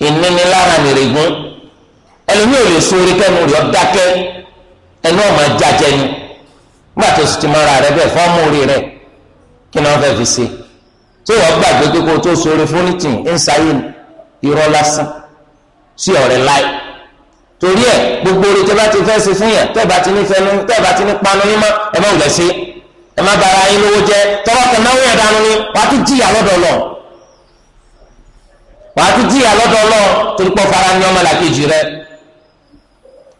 ìnínilára ní règún ẹlòmíì ò lè kí ni wọ́n fẹ́ fi ṣe tí wọ́n gbàgbé pé kó tó sórí fúnitìn ń sáyé irọ́ lásán sí ọ̀rẹ́ láì torí ẹ̀ gbogbo orí tẹ́ bá ti fẹ́ ṣe fún yẹn tẹ́ bá ti ní fẹnu tẹ́ bá ti ní panu yín mọ́ ẹ má wùlẹ̀ sí ẹ má bara yín lówó jẹ tọwọ́ kan náwó yẹn dànù ni wàá tún jìyà lọ́dọ̀ lọ wàá tún jìyà lọ́dọ̀ lọ torí pọ̀ fara ní ọmọ làkejì rẹ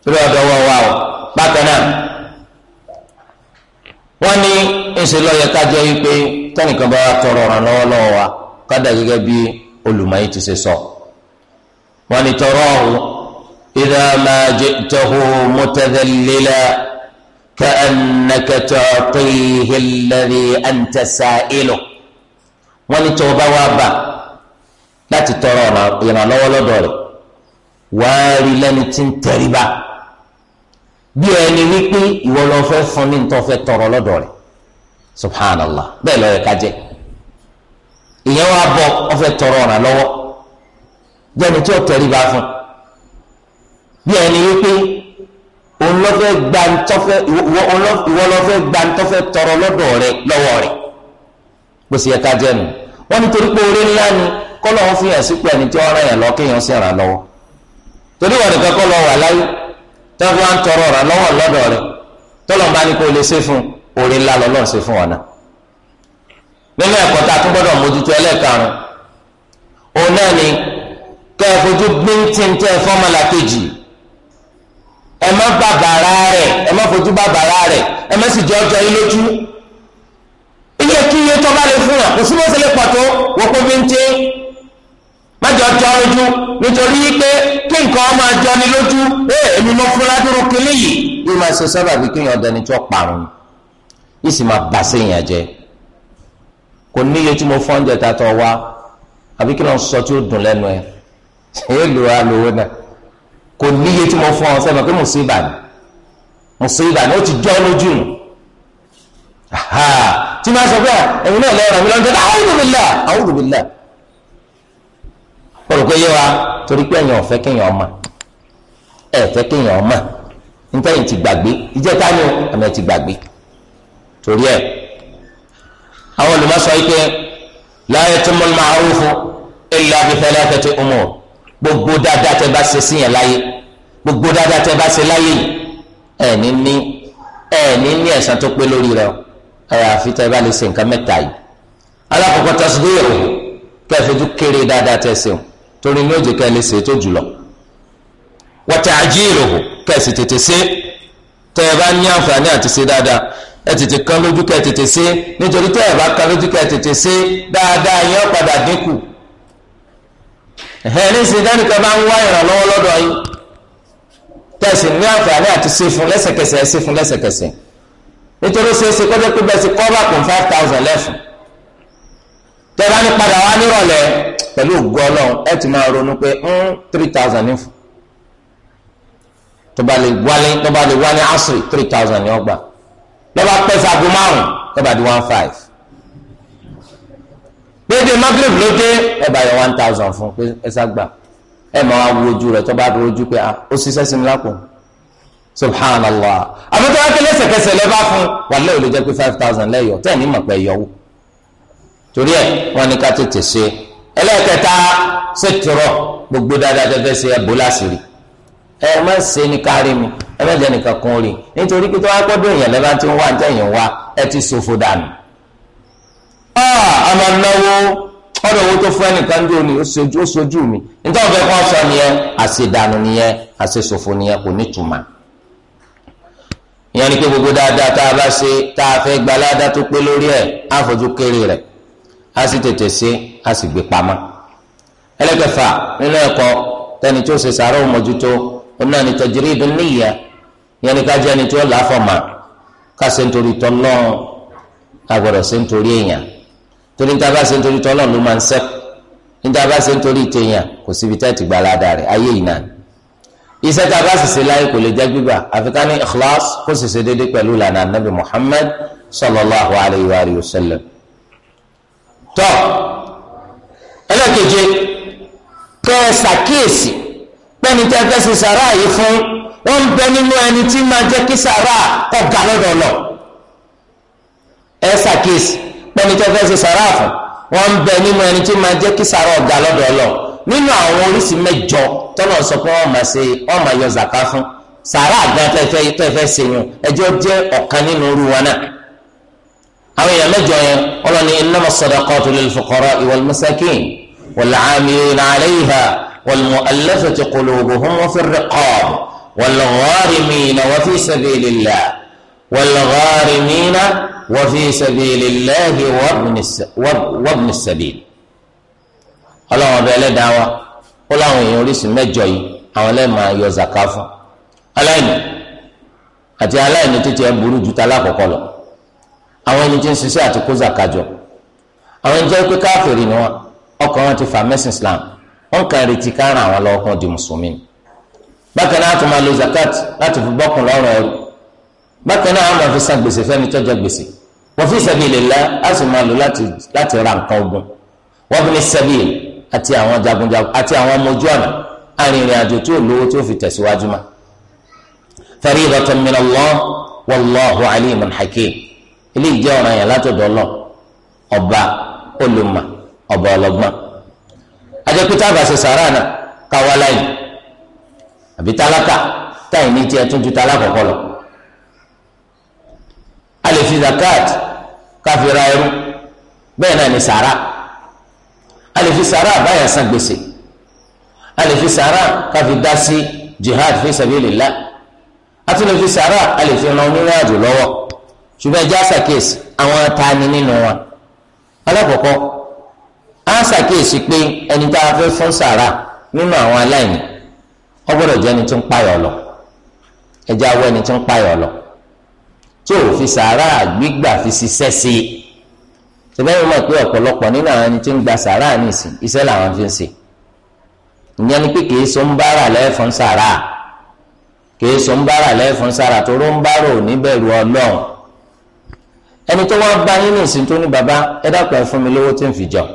torí ọ̀dọ̀ wọ̀ wà ó bákan náà wọ́n ní ńṣe lọ́yẹ kájọ́ yìí pé tẹ́nìkan bá tọrọ ọ̀ràn lọ́wọ́ lọ́wọ́ wa kádà gẹ́gẹ́ bí olùmọ̀yé ti ṣe sọ. wọ́n ní tọrọ ọ̀hún idha ma ji'tahu mutadhallila ka'annaka tu'tihi alladhi anta sa'iluh. wọ́n ní tọ́ bá wá bà láti tọrọ ọ̀ràn lọ́wọ́ lọ́dọ̀ rẹ̀ wàá rí lẹ́ni tí ń tẹríba bí ẹni wípé ìwọ lọ fẹ́ fún ní nítorí fẹ́ tọrọ lọ́dọ̀ rẹ̀ subhanallah bẹ́ẹ̀ ló yẹ ká jẹ́ ìyẹn wàá bọ̀ ọ fẹ́ tọrọ ọ̀ràn lọ́wọ́ jẹ́ni tí ó tẹríba fún bí ẹni wípé òun lọ fẹ́ gba ntọ́fẹ́ ìwọ lọ fẹ́ gba ntọ́fẹ́ tọrọ lọ́dọ̀ rẹ̀ lọ́wọ́ rẹ̀ bó sì yẹ ká jẹ́ nu wọ́n nítorí pé orí ńlá ni kọ́lọ́ ń fi hàn sípò ẹni tí ó rán yẹn lọ kéèyàn sì ràn lọ́wọ́ torí wọ́n nìkan kọ́ wà láyé tẹ́fí wọn tọrọ ọ̀rọ̀ lọ́wọ́ lọ́dọ̀ rẹ tọ́lọ̀ bá ní kó lè ṣe fún orí ńlá lọ́lọ́ ṣe fún ọ̀nà. nínú ẹ̀kọ́ tá a tún gbọ́dọ̀ mójútó ẹlẹ́ẹ̀karùn òun náà ni kẹ́ ẹ fojú gbíntín tẹ́ ẹ fọ́mọlá kejì ẹ má bàbàrà rẹ̀ ẹ má fojú bàbàrà rẹ̀ ẹ má sì jọ ọjọ́ yín lójú iye kí iye tó bá lè fún yàn kò sí mọ́sẹ̀lẹ̀ pàtó wọ́pọ̀ gbíntín májọ jọ lójú nítorí pé kí nǹkan máa jọ ni lójú ẹ èmi mo fún ládùúrú kínní yìí yóò máa ṣe sábàbí kéèyàn dání tó parun yìí sì máa bà séèyàn jẹ kò níye tí mo fọ́ oúnjẹ tatọ̀ wá àbí kí ló ń sọ tí ó dùn lẹ́nu ẹ ṣèyí lò á lówó náà kò níye tí mo fọ́ ọ sẹ́mi pé mo sí ìbàdàn mo sí ìbàdàn ó ti jọ lójú nù tí máa sọ pé ẹ̀yin náà lọ́ọ́ rà mí lọ́jọ́ àwọn olùbílà àwọn ọ̀rọ̀ pé yé wa torí pé ẹ̀yàn ọ̀fẹ́ kéèyàn ọmọ ẹ̀ fẹ́ kéèyàn ọmọ nítẹ̀yìn ti gbàgbé ìjẹta ni àmì ẹ̀ ti gbàgbé torí ẹ̀ àwọn olùmọ̀sọ ike la yatimul ma'rufu illa bi thalathati umur gbogbo dáadáa tẹ bá ṣe síyàn láyé gbogbo dáadáa tẹ bá ṣe láyé ẹ̀ ní ní ẹ̀ ní ní ẹ̀san tó pé lórí rẹ̀ àyàfi tẹ bá lè ṣe nǹkan mẹ́ta yìí alákọ̀ọ́kọ́ tasdiru kẹfẹ́ tó kéré dáadáa tẹ torí ní òjì ká ẹ lè ṣe tó jùlọ wa ta'jiluhu kẹsì tètè ṣe tẹ ẹ bá ní àǹfààní àti ṣe dáadáa ẹ tètè kán lójú ká ẹ tètè ṣe nítorí tẹ ẹ bá kán lójú ká ẹ tètè ṣe dáadáa yẹn padà dínkù ẹ̀hẹ́n ní ṣe dáníkan bá ń wá ìrànlọ́wọ́ lọ́dọ̀ yín tẹ̀sí ní àǹfààní àti ṣe fún lẹ́sẹ̀kẹsẹ̀ ṣe fún lẹ́sẹ̀kẹsẹ̀ nítorí ṣe ṣe kọ́jọ́ pé bẹ́ẹ̀ ṣe kún five thousand lẹ́fún tẹ̀lá ní padà wá nírọ̀lẹ́ pẹ̀lú ògo ọlọ́run ẹ ti máa ronú pé ń hmm, three thousand ní fún tó bá lè wálé tó lè wálé asiri three thousand ní ọgbà lọ́ba pẹ́sẹ́ aago márùn-ún lọ́ba di one five déédéé magreth ló dé ẹ bá yọ one thousand fún pé ẹ ságbà ẹ máa wá wo ojú rẹ tó bá rojú pé ah, ó ṣiṣẹ́ sí mi lápò subhanallah àmọ́ tó bá kí lẹ́sẹ̀kẹsẹ̀ lẹ́ bá fún wàlẹ́ òlùjẹ́ pé five thousand lẹ́yọ̀ tẹ́ ẹ̀ ní mọ̀ pé yọ̀wò torí ẹ̀ wọ́n ní ká tètè ṣe ẹlẹ́kẹta sẹ́tìrọ̀ gbogbo dáadáa tẹ́fẹ́ ṣe ẹ̀bù láṣìírí ẹ má ṣe ní kárí mi ẹ má jẹ́ nìkan kan rí nítorí pé tó wá gbọ́dọ̀ èèyàn lẹ́bà tí ń wá ní tẹ̀yìn wá ẹ ti ṣòfò dànù. ọmọ náwó ọ̀dọ̀ owó tó fún ẹnìkan dúró ni ó ṣojú mi nítorí ọ̀fẹ́ kan sọ nìyẹn àṣedànù nìyẹn àṣeṣòfò nìyẹn kò ní tùmà ìyẹn ni pé gbogbo dáadáa tá a bá ṣe tá a fẹ́ gbalada a sì tètè sí a sì gbé pamọ́ ẹlẹ́kẹfà nínú ẹ̀kọ́ tẹni tó ṣe sàárà òmójútó ọ̀nà ni tajridun niyya yẹn ni ká jẹ́ ẹni tó láfọ̀mà ká ṣe nítorí tọ́lọ́ àgbọ̀dọ̀ ṣe nítorí èèyàn torí níta bá ṣe nítorí tọ́lọ́ ló máa ń sẹ́kù níta bá ṣe nítorí tèèyàn kò síbi tẹ́ ti gbalada rẹ̀ ayé yìí náà iṣẹ́ tá bá ṣiṣẹ́ láyé kò lè jẹ́ gbígbà àfi ká ní ikhlas kó ṣiṣẹ́ déédéé pẹ̀lú ìlànà Ànábì Muhammad sallallahu alayhi wa sallam tọ́ ẹlẹ́keje kẹ́ ẹ ṣàkíyèsí pẹ́ni tẹ́ fẹ́ ṣe sàrà yìí fún wọ́n ń bẹ nínú ẹni tí máa jẹ́ kí sàrà kọ́ ga lọ́dọ̀ lọ ẹ ṣàkíyèsí pẹ́ni tẹ́ fẹ́ ṣe sàrà fún wọ́n ń bẹ nínú ẹni tí máa jẹ́ kí sàrà ọ̀gá lọ́dọ̀ lọ nínú àwọn oríṣi mẹ́jọ tọ́lọ̀ sọ pé wọ́n máa ṣe wọ́n máa yọ zàká fún sàrà àgbà tẹ́ fẹ́ ṣe yun ẹjọ́ jẹ́ ọ̀kan nínú irú wọn náà àwọn èèyàn mẹ́jọ yẹn ọlọ́ni innama sadaqatu lil fuqara'i wal masakin wal 'amilina 'alayha wal mu'allafati qulubuhum wa fi riqab wal gharimina wa fi sabilillah wal gharimina wa fi sabilillah wabni sabil. ọlọ́run ọba ẹlẹ́dàá wa ó láwọn èèyàn oríṣi mẹ́jọ yìí àwọn ẹlẹ́ẹ̀ máa yọ zaka aláìní àti aláìní tó ti ẹ àwọn ẹni tí ń ṣiṣẹ́ àti kó zakajọ àwọn ẹni jẹ́ pé káfíìrì ni wọn ọkàn wọn ti fà mẹ́sìn islam wọn kàn retí kára àwọn lọ́kàn di mùsùlùmí ni bákan náà a tún máa lo zakat láti fi bọ́kùn lọ́rùn ẹrú bákan náà a máa fi san gbèsè fẹ́ni tó jẹ gbèsè wa fi sabilillah a sì máa lò láti ra nǹkan ogun wa fi sabil àti àwọn jagunjagun àti àwọn ọmọ ojú ọ̀nà arìnrìn àjò tó lówó tó fi tẹ̀síwájú ma faridatan min Allah wallahu alimun hakim eléyìí jẹ́ ọ̀ràn yẹn látọ̀dọ̀ lọ ọba olùmọ̀ ọba ọlọ́gbọ́n ajẹ́pẹ́tà àbàṣẹ sàrà náà káwá láyìn àbí tálákà táyì ní tiẹ̀ tún ju tálákọ̀ọ́kọ́ lọ a lè fi zakat káfi ra ẹrú bẹ́ẹ̀ náà ni sàrà a lè fi sàrà báyà san gbèsè a lè sàrà káfi dá jihad fi sabilillah a tún lè sàrà a lè fi ran onírìn lọ́wọ́ ṣùgbọ́n ẹjẹ́ àṣàkíyèsí àwọn tani nínú wọn alákọ̀ọ́kọ́ á ṣàkíyèsí pé ẹni tá a fẹ́ fún sàrà nínú àwọn aláìní ó gbọ́dọ̀ jẹ́ ẹni tó ń payọ̀ lọ ẹjẹ́ awọ ẹni tó ń payọ̀ lọ tí ò fi sàrà gbígbà fi ṣiṣẹ́ sí i ṣùgbọ́n mọ̀ pé ọ̀pọ̀lọpọ̀ nínú àwọn ẹni tó ń gba sàrà nìsín iṣẹ́ làwọn fi ń ṣe ìyẹn ni pé kìí so ń bára lẹ́ẹ̀fọ́n sàrà kìí so ń bára lẹ́ẹ̀fọ́n sàrà tó ń bára ò ní bẹ̀rù ọlọ́run ẹni tó wá bá yín nìsín tó ní bàbá ẹ dákun ẹ fún mi lówó tí ń fi jọ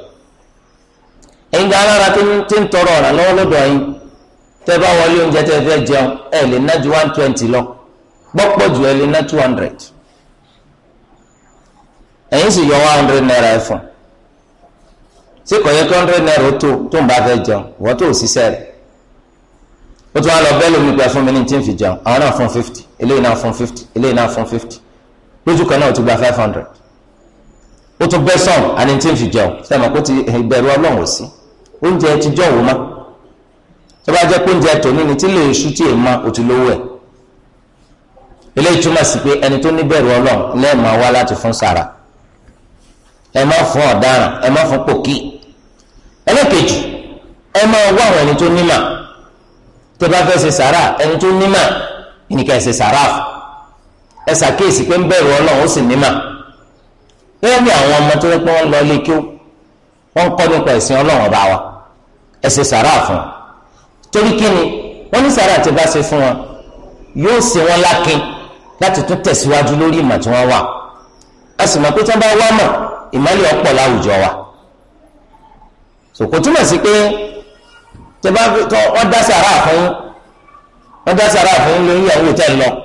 ẹ̀yin gan alára tí ń tọrọ ọ̀ràn lọ́wọ́ lọ́dọ̀ yín tẹ́ bá wọlé oúnjẹ tẹ́ fẹ́ jẹun ẹ lè ná ju one twenty lọ gbọ́pọ̀ jù ẹ lè ná two hundred ẹ̀yin sì yọ one hundred naira ẹ fún ṣé kò yẹ kí one hundred naira ó tó tó ń bá fẹ́ jẹun wọ́n tó òṣìṣẹ́ rẹ̀ ó tún wá lọ bẹ́ẹ̀ lómi pẹ́ fún mi ní tí ń fi jẹun àwọn náà fún fifty eléyìí náà fún fifty eléyìí náà fún fifty lójú kan náà ó ti gba five hundred ó tún bẹ́ sàn àní tí ń fi jẹun sẹ́mi kó ti ìbẹ̀rù ọlọ́run sí oúnjẹ ti jọ òun mọ́ tó bá jẹ́ pé oúnjẹ tòní ni tí lè ṣú tí èèmọ́ ó ti lówó ẹ̀ eléyìí túmọ̀ sí pé ẹni tó ní bẹ̀rù ọlọ́run lẹ́ẹ̀ máa wá láti fún sàrà ẹ má fún ọ̀daràn ẹ má fún pòkì ẹlẹ́kejì ẹ máa wá àwọn ẹni tó nímà tó bá fẹ́ ṣe sàrà ẹni tó nímà ìníkà ẹ ṣe sàrà fún ẹ ṣàkíyèsí pé ń bẹ̀rù ọlọ́run ó sì nímà gẹ́gẹ́ bí àwọn ọmọ tó yẹ pé wọ́n lọ ilé kí wọ́n ń kọ́ nípa ẹ̀sìn ọlọ́run ọba wa ẹ ṣe sàrà fún wọn torí kí ni wọ́n ní sàrà tí bá ṣe fún wọn yóò ṣe wọn lákin láti tún tẹ̀síwájú lórí ìmọ̀ tí wọ́n wà a sì mọ̀ pé tí wọ́n bá wá mọ̀ ìmọ̀lẹ̀ ọ̀pọ̀ láwùjọ wa sòkò túmọ̀ sí pé tí wọ́n dá sàrà fún wọ́n dá sàrà fún yín ìyàwó tẹ̀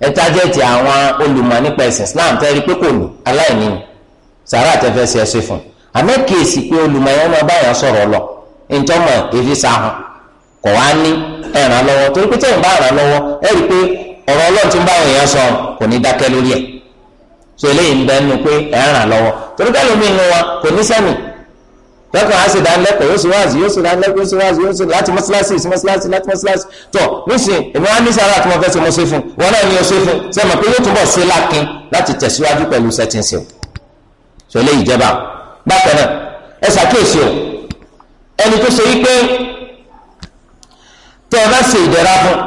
ẹ tájẹ́tì àwọn olùmọ̀ nípa ẹ̀sìn Islam tẹ́rí pé kò ní aláìní ni sàrà àtẹ́fẹ́ sí ẹ ṣe fún àmẹ́kèsì pé olùmọ̀ yẹn máa bá yẹn sọ̀rọ̀ lọ ntọ́mọ̀ èfi sáhùn kọ̀ wá ní ẹ̀ràn lọ́wọ́ torí pé tẹ̀yìn bá lọ́wọ́ ẹ rí pé ọ̀rọ̀ Ọlọ́run ti ń bá ní dákẹ́ lórí ẹ̀ so eléyìí ń bẹ́ẹ̀ nu pé lọ́wọ́ torí wa kò lọ́kàn á sì dá lẹ́kọ̀ọ́ yóò sì wáàzì yóò sì dá lẹ́kọ̀ọ́ yóò sì wáàzì yóò sì láti mọ́sálásì sí mọ́sálásì láti mọ́sálásì tọ̀ nísìn èmi wá ní sàrà tí mo fẹ́ ṣe mo ṣe fún wọn náà ni o ṣe fún ṣe mọ̀ pé yóò túbọ̀ ṣe lákin láti tẹ̀síwájú pẹ̀lú sẹ́tíǹsì o ṣe lè ìjẹba bákan náà ẹ ṣàkíyèsí o ẹni tó ṣe wípé tẹ ẹ bá ṣe ìdẹ̀ra fún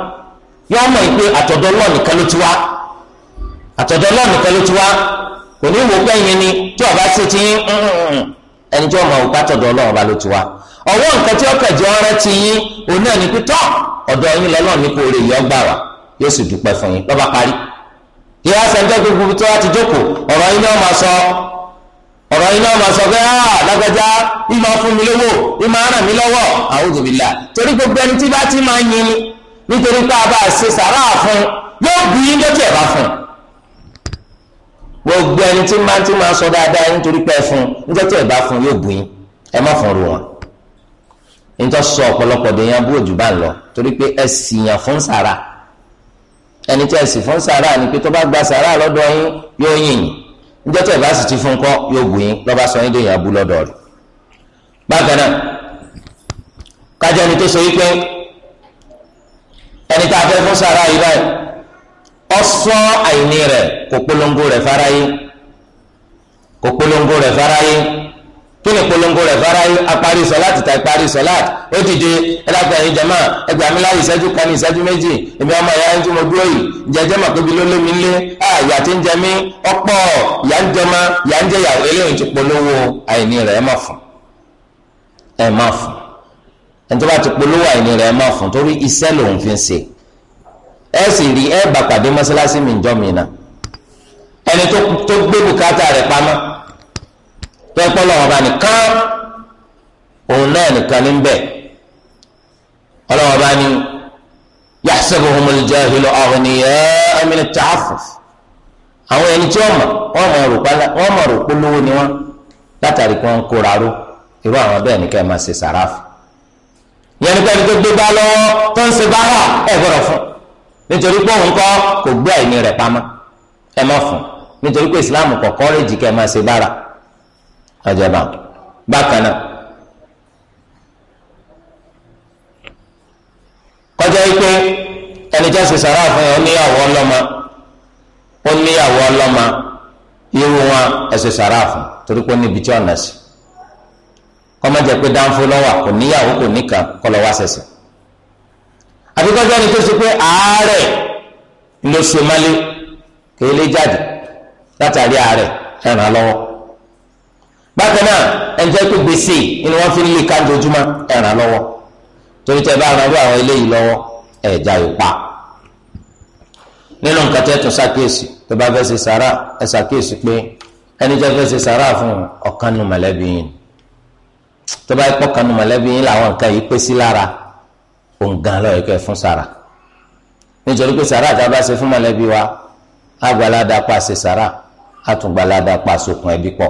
yọ ẹni tí wọ́n máa wò pátọ̀dọ̀ ọlọ́run ọba ló ti wá ọwọ́ nǹkan tí ọkọ̀ jẹ́ ọrẹ́ ti yín òun náà ní pítọ́ ọ̀dọ̀ yín lọ́lọ́run ní kó rè yọ gbà wá yóò sì dúpẹ́ fún yín lọ́ba parí ìyá sẹ́ńtẹ́ gbogbo tó wá ti jókòó ọ̀rọ̀ yín náà máa sọ ọ̀rọ̀ yín náà máa sọ pé áà ah, lágbájá ìmọ̀ fún mi lówó ìmọ̀ ràn mí lọ́wọ́ a'udhu billah gbogbo ẹni tí máa ti máa sọ dáadáa nítorí pé ẹ fún níjọ́ tí ẹ bá fún yóò bù yín ẹ má fún ru wọn níjọ́ sọ ọ̀pọ̀lọpọ̀ dè yan bú òjò bá ń lọ torí pé ẹ sì yàn fún sàrà ẹni tí ẹ sì fún sàrà ni pé tó bá gba sàrà lọ́dọ̀ yín yóò yìn yín níjọ́ tí ẹ bá sì ti fún kọ́ yóò bù yín lọ́ba sọ yín dè yan bú lọ́dọ̀ rẹ̀ bákan náà kájọ ẹni tó sọ yí pé ẹni tá a fẹ́ fún sàrà yìí báyìí ọsọ àìní rẹ̀ kò polongo rẹ̀ fáráyé kò polongo rẹ̀ fáráyé kí ni polongo rẹ̀ fáráyé apárí sọláàtì ta ìparí sọláàtì ó dìde ẹlẹ́gbẹ̀ẹ́ yín jama ẹgbẹ́ mi láyé ìṣẹ́jú kan ní ìṣẹ́jú méjì ìbí ọmọ ìyá ń tún mo dúró yìí jẹjẹ́ mà tóbi ló lé mi lé àyà tí ń jẹ mí ọ̀pọ̀ ìyá ń jọmọ ìyá ń jẹ ìyàwó eléyìí ti polówó àìní rẹ̀ ẹ má fún ẹ má fún ẹni tó bá ti polówó àìní rẹ̀ ẹ má fún torí iṣẹ́ lòun fi ẹ sì rí ẹ bá pàdé mọ́sálásí mi ìjọ mi náà ẹni tó gbé bùkátà rẹ̀ pamọ́ tó ẹ pọ́nlọ́ ọba nìkan òun náà nìkan ní bẹ́ẹ̀ ọlọ́wọ́ bá ní yahsabuhumul jahilu àwọn ẹni tí wọ́n mọ̀ ni wọ́n látàrí kí kóra ró irú àwọn bẹ́ẹ̀ ni ká ẹ máa ṣe sàráàfù yẹn nípa tó gbé bá lọ́wọ́ tó ń ṣe bá ẹ̀ gbọ́dọ̀ nítorí pé òun kọ́ kò gbé àìní rẹ̀ pamọ́ ẹ má fún nítorí pé ìsìláàmù kọ̀ọ̀kan rèjì kẹ́ ẹ máa ṣe bára ọjọba bákan náà kọjá yìí pé ẹni tí a ṣe sàrà fún yẹn ó níyàwó ọlọ́mọ ó níyàwó ọlọ́mọ irú wọn ẹ sàrà fún torí pé níbi tí ọ̀nà sí kọ́mọ́jẹ́ pé dáńfó lọ́wọ́ kò níyàwó kò níkan kọ́ lọ́wọ́ àṣẹṣe àbíkọ́jọ́ ni tó ṣe pé àárẹ̀ ló ṣe mọ́lé kìí lè jáde látàrí àárẹ̀ ẹ̀ràn lọ́wọ́ bákan náà ẹnjẹ́ pé gbèsè ni wọ́n fi ń lè ká dojúmọ́ ẹ̀ràn lọ́wọ́ torí tẹ́ bá ran irú àwọn eléyìí lọ́wọ́ ẹ̀já yóò pa nínú nǹkan tẹ́ tún ṣàkíyèsí tó bá fẹ́ ṣe sàrà ẹ̀ ṣàkíyèsí pé ẹni jẹ́ fẹ́ ṣe sàrà fún ọ̀kan mọ̀lẹ́bí yìí tó bá pọ̀ kan mọ̀lẹ́bí yìí làwọn nǹkan yìí pèsè lára òun gan lọ́yọ̀ kẹ́ fún sàrà nítorí pé sàrà tá a bá ṣe fún mọ̀lẹ́bí wa àgbàládà pa ṣe sàrà àtúngbàládà pa sokùn ẹbí pọ̀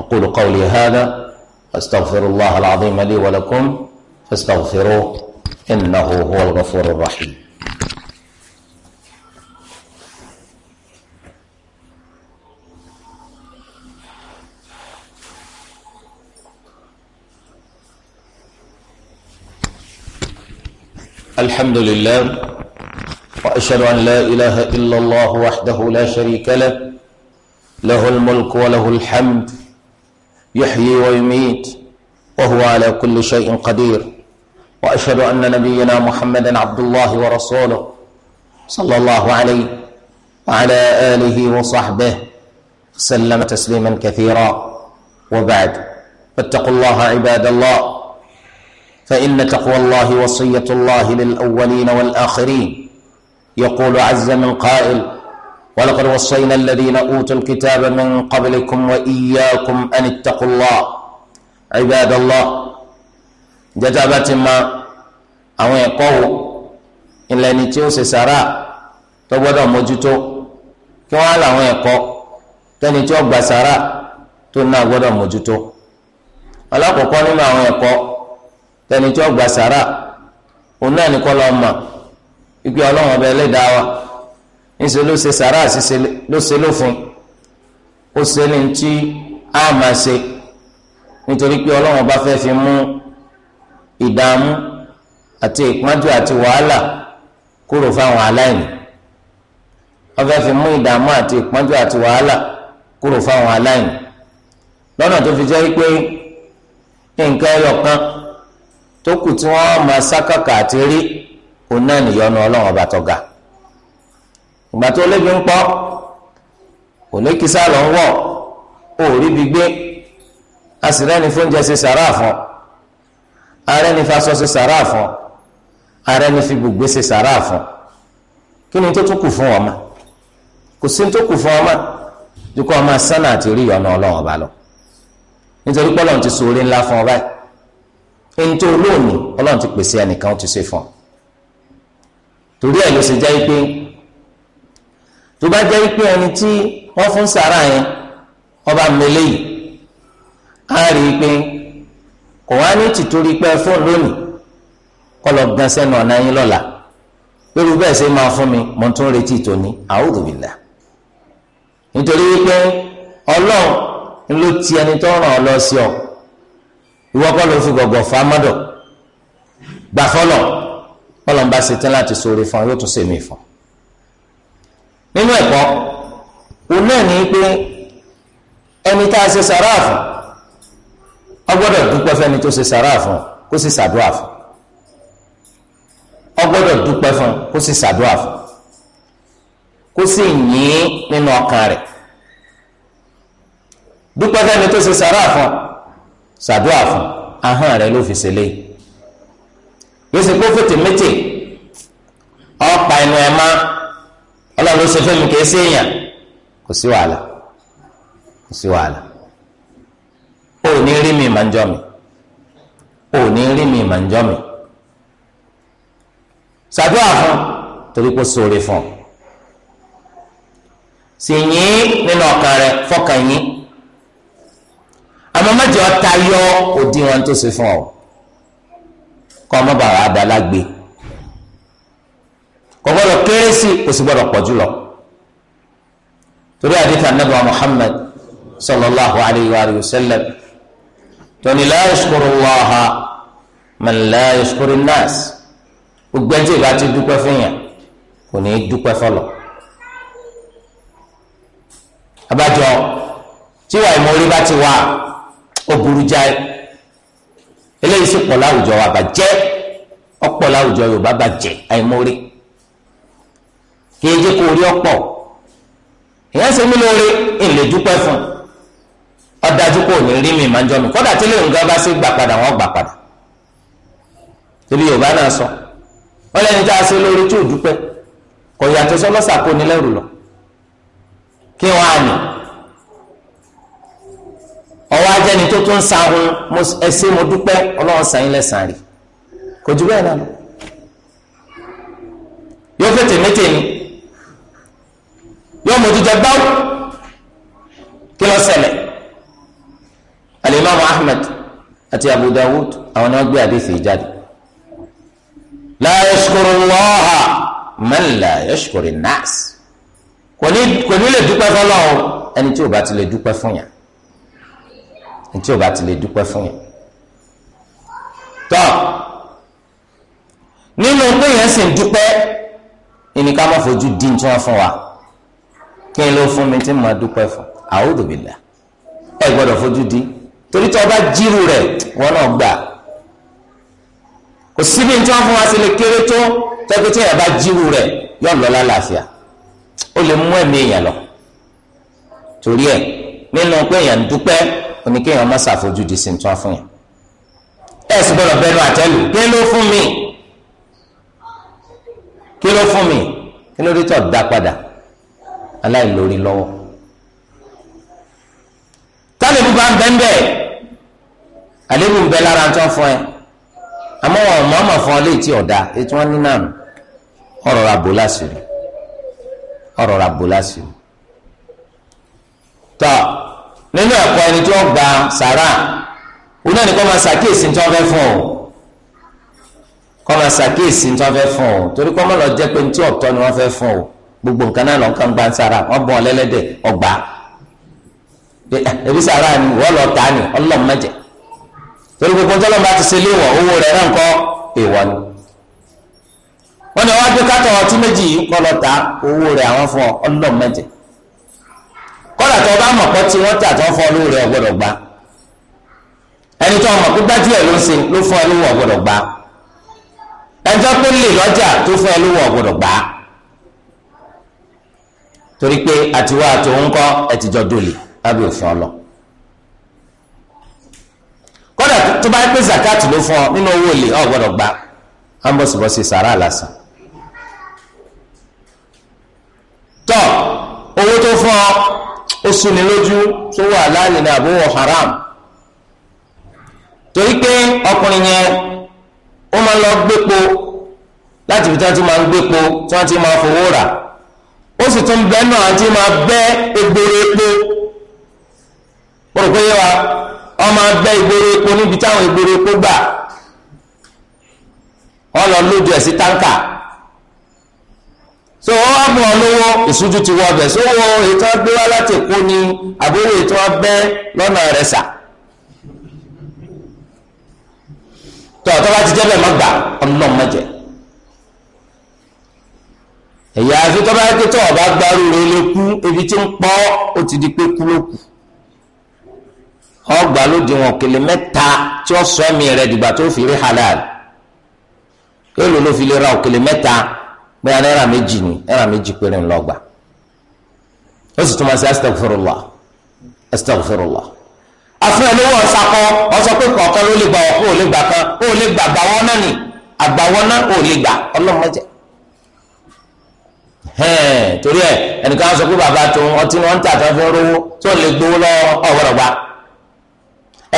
aqulu qawli hadha astaghfirullah al-azim li wa lakum fastaghfiruhu innahu rahim. الحمد لله وأشهد أن لا إله إلا الله وحده لا شريك له له الملك وله الحمد يحيي ويميت وهو على كل شيء قدير وأشهد أن نبينا محمدا عبد الله ورسوله صلى الله عليه وعلى آله وصحبه سلم تسليما كثيرا وبعد فاتقوا الله عباد الله فإن تقوى الله وصية الله للأولين والآخرين يقول عز من قائل ولقد وصينا الذين أوتوا الكتاب من قبلكم وإياكم أن اتقوا الله عباد الله جتابة ما أو يقوه إلا نتيو سسراء تبدو موجتو kí wọn làwọn ẹ̀kọ́ tẹni tí ó gbà sára tó náà gbọ́dọ̀ mójútó tẹni tí ó gba sàrà òun náà ní kọ́ lọ́ọ́ mà ìgbé ọlọ́run ọba ẹlẹ́dàá wa ńṣe ló ṣe sàrà àṣìṣe ló ṣe lófin ó ṣe ní tí a máa ṣe nítorí pé ọlọ́run ọba fẹ́ fi mú ìdààmú àti ìpọ́njú àti wàhálà kúrò fáwọn aláìní wọ́n fẹ́ fi mú ìdààmú àti ìpọ́njú àti wàhálà kúrò fáwọn aláìní lọ́nà tó fi jẹ́ pé nǹkan ẹyọ kan tó kù tí wọ́n máa sákàkà àti rí òun náà nìyọnu ọlọ́run ọba tọ́ga ìgbà tó lébi ń pọ́ òlékísà lọ ń wọ̀ òórí bi gbé asìlẹ́ni fóúnjẹ ṣe sàrà fún ààrẹ ní fasọ ṣe sàrà fún ààrẹ ní fi gbùgbé ṣe sàrà fún kí ni tó tún kù fún ọmọ kò sí tó kù fún ọmọ dukọ ọmọ sánà àti orí ìyọnu ọlọ́run ọba lọ nítorí pé ti so orí ńlá fún ọ báyìí ntẹ olóòní Ọlọ́run ti pèsè ẹnìkan ó ti ṣe fún ọ torí ẹ ló ṣe jẹ́ pé tó bá jẹ́ pé ẹni tí wọ́n fún sàrà yẹn ọba mele yìí á rí i pé kò wá ní tìtorí pé fún lónìí kọ́ lọ gan sẹ́nu ọ̀nà yín lọ́la lórí bẹ́ẹ̀ ṣe máa fún mi mo tún retí ìtòní a'udhu nítorí wípé Ọlọ́run ló ti ẹni tó ràn ọ lọ sí ọ ìwọ kọ́ ló fi gọ̀gọ̀ fa mọ́dọ̀ gbà fọlọ̀ bọ́lọ̀ ń bá ṣe tán láti sóore fún ọ yóò tún sèmi fún ọ. nínú ẹ̀kọ́ òun náà ní pé ẹni tá a ṣe sàráà fún ọ gbọ́dọ̀ dúpẹ́ fẹ́ni tó ṣe sàráà kó sì ṣàdúrà fún dúpẹ́ fún kó sì ṣàdúrà kó sì yín nínú ọkàn rẹ̀ dúpẹ́ fẹ́ni tó ṣe sàráà ṣàdúrà fún ahọ́n rẹ ló fi ṣe léyìí yéésì kó fètè méjì ọ̀pá ẹnu ẹ̀ má ọlọ́run ló ṣe fún mi kì í ṣe èèyàn kò sí wàhálà kò sí wàhálà ó ní rí mi màá ń jọ mi ó ní rí mi màá ń jọ mi ṣàdúrà fún torí kó sóore fún ọ sì yín nínú ọkàn rẹ fọkàn yín àmọ́ mẹ́jọ ta yọ òdiwọ̀n tó ṣe fún ọ kọ́ ọmọ bàrà abalágbé kò gbọ́dọ̀ kéré sí kò sì gbọ́dọ̀ pọ̀ jùlọ torí àdìtà nàbà Muhammad sallallahu alayhi wa sallam tóní la yashkuru Allaha man la yashkuru an-nas gbogbo ẹjẹ ìbá ti kò ní í fọlọ abájọ tí wàá bá ti wà ó burú jáì eléyìí sì pọ̀ láwùjọ wa bàjẹ́ ọ̀pọ̀ láwùjọ Yorùbá bàjẹ́ àìmórí kí ẹ jẹ́ kó orí ọ̀pọ̀ èèyàn ṣe mí lóore ìlè dúpẹ́ fún ọ̀dájú kò ní rí mi máa ń jọ mi kódà tí lóun gan bá ṣe gbà padà wọ́n gbà padà torí Yorùbá náà sọ wọ́n lẹ́ni tá a ṣe lóore tí ò dúpẹ́ kò yàtọ̀ sọ́lọ́sà kò ní lẹ́rù lọ kí wọ́n á nì ọwọ́ ajẹ́ni tó tún ń sahun ẹsẹ̀ mo dúpẹ́ ọlọ́run sàyìn lẹ́sàn-án rí kò jù bẹ́ẹ̀ náà yóò fètè méjì ni yóò mójú jẹ báwò kí ló ṣẹlẹ̀ alimami ahmed àti abu dawud àwọn ni wọ́n gbé àdéhìí fi jáde la yashkuru Allaha man la kò ní lè dúpẹ́ fọlọ́run ẹni tí ò bá ti lè dúpẹ́ fún yàn ntí o bá ti lè dúpẹ́ fún yẹn. tọ́ nínú pé yẹn sì ń dúpẹ́ ìní ká má fojú dín tí wọ́n fún wa kí n ló fún mi tí mo máa dúpẹ́ fún a'udhu billah ẹ gbọ́dọ̀ fojú dín torí tí wọ́n bá jírù rẹ̀ wọ́n náà gbà kò síbi tí wọ́n fún wa sí lè kéré tó tẹ́kí tí yẹn jírù rẹ̀ yọ̀ lọ lálàáfíà ó lè mú ẹ̀mí èèyàn lọ torí ẹ̀ nínú pé èèyàn ń dúpẹ́ oníkéèyàn má ṣàfojúdi sí nǹkan fún yẹn ẹ sì gbọ́dọ̀ bẹnu àtẹ́lù kí ló fún mi kí ló fún mi kí ló dé tọ̀ dá padà aláìlórí lọ́wọ́ tálẹ̀bù bá ń bẹ́ ń bẹ́ àlébù ń bẹ lára ń tán fún ẹ àmọ́ wọn fún ọ léètì ọ̀dà ètò wọn ní nànú ọ̀rọ̀ ra bò ọ̀rọ̀ ra bò tọ́ nínú ẹ̀kọ́ ẹni tí wọ́n gba sàrà òun náà ni kọ́ máa ṣàkíyèsí tí wọ́n fẹ́ fún ọ kọ́ máa ṣàkíyèsí tí wọ́n fẹ́ fún ọ torí kọ́ máa lọ jẹ́ pé tí ọ̀tọ̀ ni wọ́n fẹ́ fún ọ gbogbo nǹkan náà lọ́n kàn gba sàrà wọ́n bọ̀ ọlẹ́lẹ́dẹ̀ ọgbà eh, ebi sàrà ni wọ́n lọ tà ní ọlọ́mọdé torí gbogbo tọ́lọ́ bá ti ṣe léwọ̀ owó rẹ̀ náà kọ́ èèwọ̀ ni wọ́n ní wọ́n kọ́dà tó bá mọ̀ pọ́ tí wọ́n tà tó fọ́ lóore ọ̀gbọ́dọ̀ gbà ẹni tó mọ̀ pé gbájúẹ̀ ló ń ṣe ló fún ẹ ọ̀gbọ́dọ̀ gbà ẹjọ́ pé lè lọ́jà tó fún ẹ ọ̀gbọ́dọ̀ gbà torí pé àtiwá àtòun kọ́ ẹ dòlè lábẹ́ òfin ọlọ kọ́dà tó bá pé zakat ló fún nínú owó lè ọ̀gbọ́dọ̀ gbà á ń bọ̀sibọ̀si sàrà lásán tọ́ owó tó fún ó súni lójú tó wà láàyè ní àbúrò haram torí pé ọkùnrin yẹn ó máa ń lọ gbépo láti ibi tí ti máa gbépo tí wọ́n ti máa fowó rà ó sì tún bẹ́ẹ̀ náà àti máa bẹ́ egboro epo ó rò wa máa bẹ́ egboro epo níbi táwọn egboro epo gbà lọ lójú ẹ̀ so wọ́n wá fún ọ lówó ìṣújú ti wọ ọbẹ̀ sówó ètò ọgbẹ́ wá láti kú ni àbúrò ètò ọbẹ̀ lọ́nà rẹ̀ sà tó ọ̀tọ́ bá ti jẹ́ bẹ́ẹ̀ má gbà ọ̀nà mọ̀jẹ̀ ẹ̀yà àfi tó bá yẹ kí tó ọba gbarú rẹ̀ lè kú ebi tí ń pọ́ ó ti di pé kú ló kù ọgbà lóde wọn kele mẹ́ta tí ó sọ ẹ̀mí rẹ̀ dìgbà tó fi rí halal èlò ló fi lè ra òkèlè mẹ́ta. bóyá náírà méjì ni náírà méjì péré ńlọgbà ó sì astagfirullah astagfirullah olówó o lè gbà kan o lè gbà àgbàwọ́ náà ni àgbàwọ́ náà o lè gbà ọlọ́mọdé sọ pé bàbá tó ọtí ń tà tó rówó tó lè gbowó lọ gbà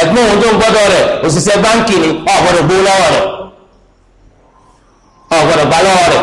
ẹ̀gbọ́n òun tó ń gbọ́dọ̀ rẹ̀ òṣìṣẹ́ báńkì ni gbowó lọ́wọ́ rẹ̀ gbà lọ́wọ́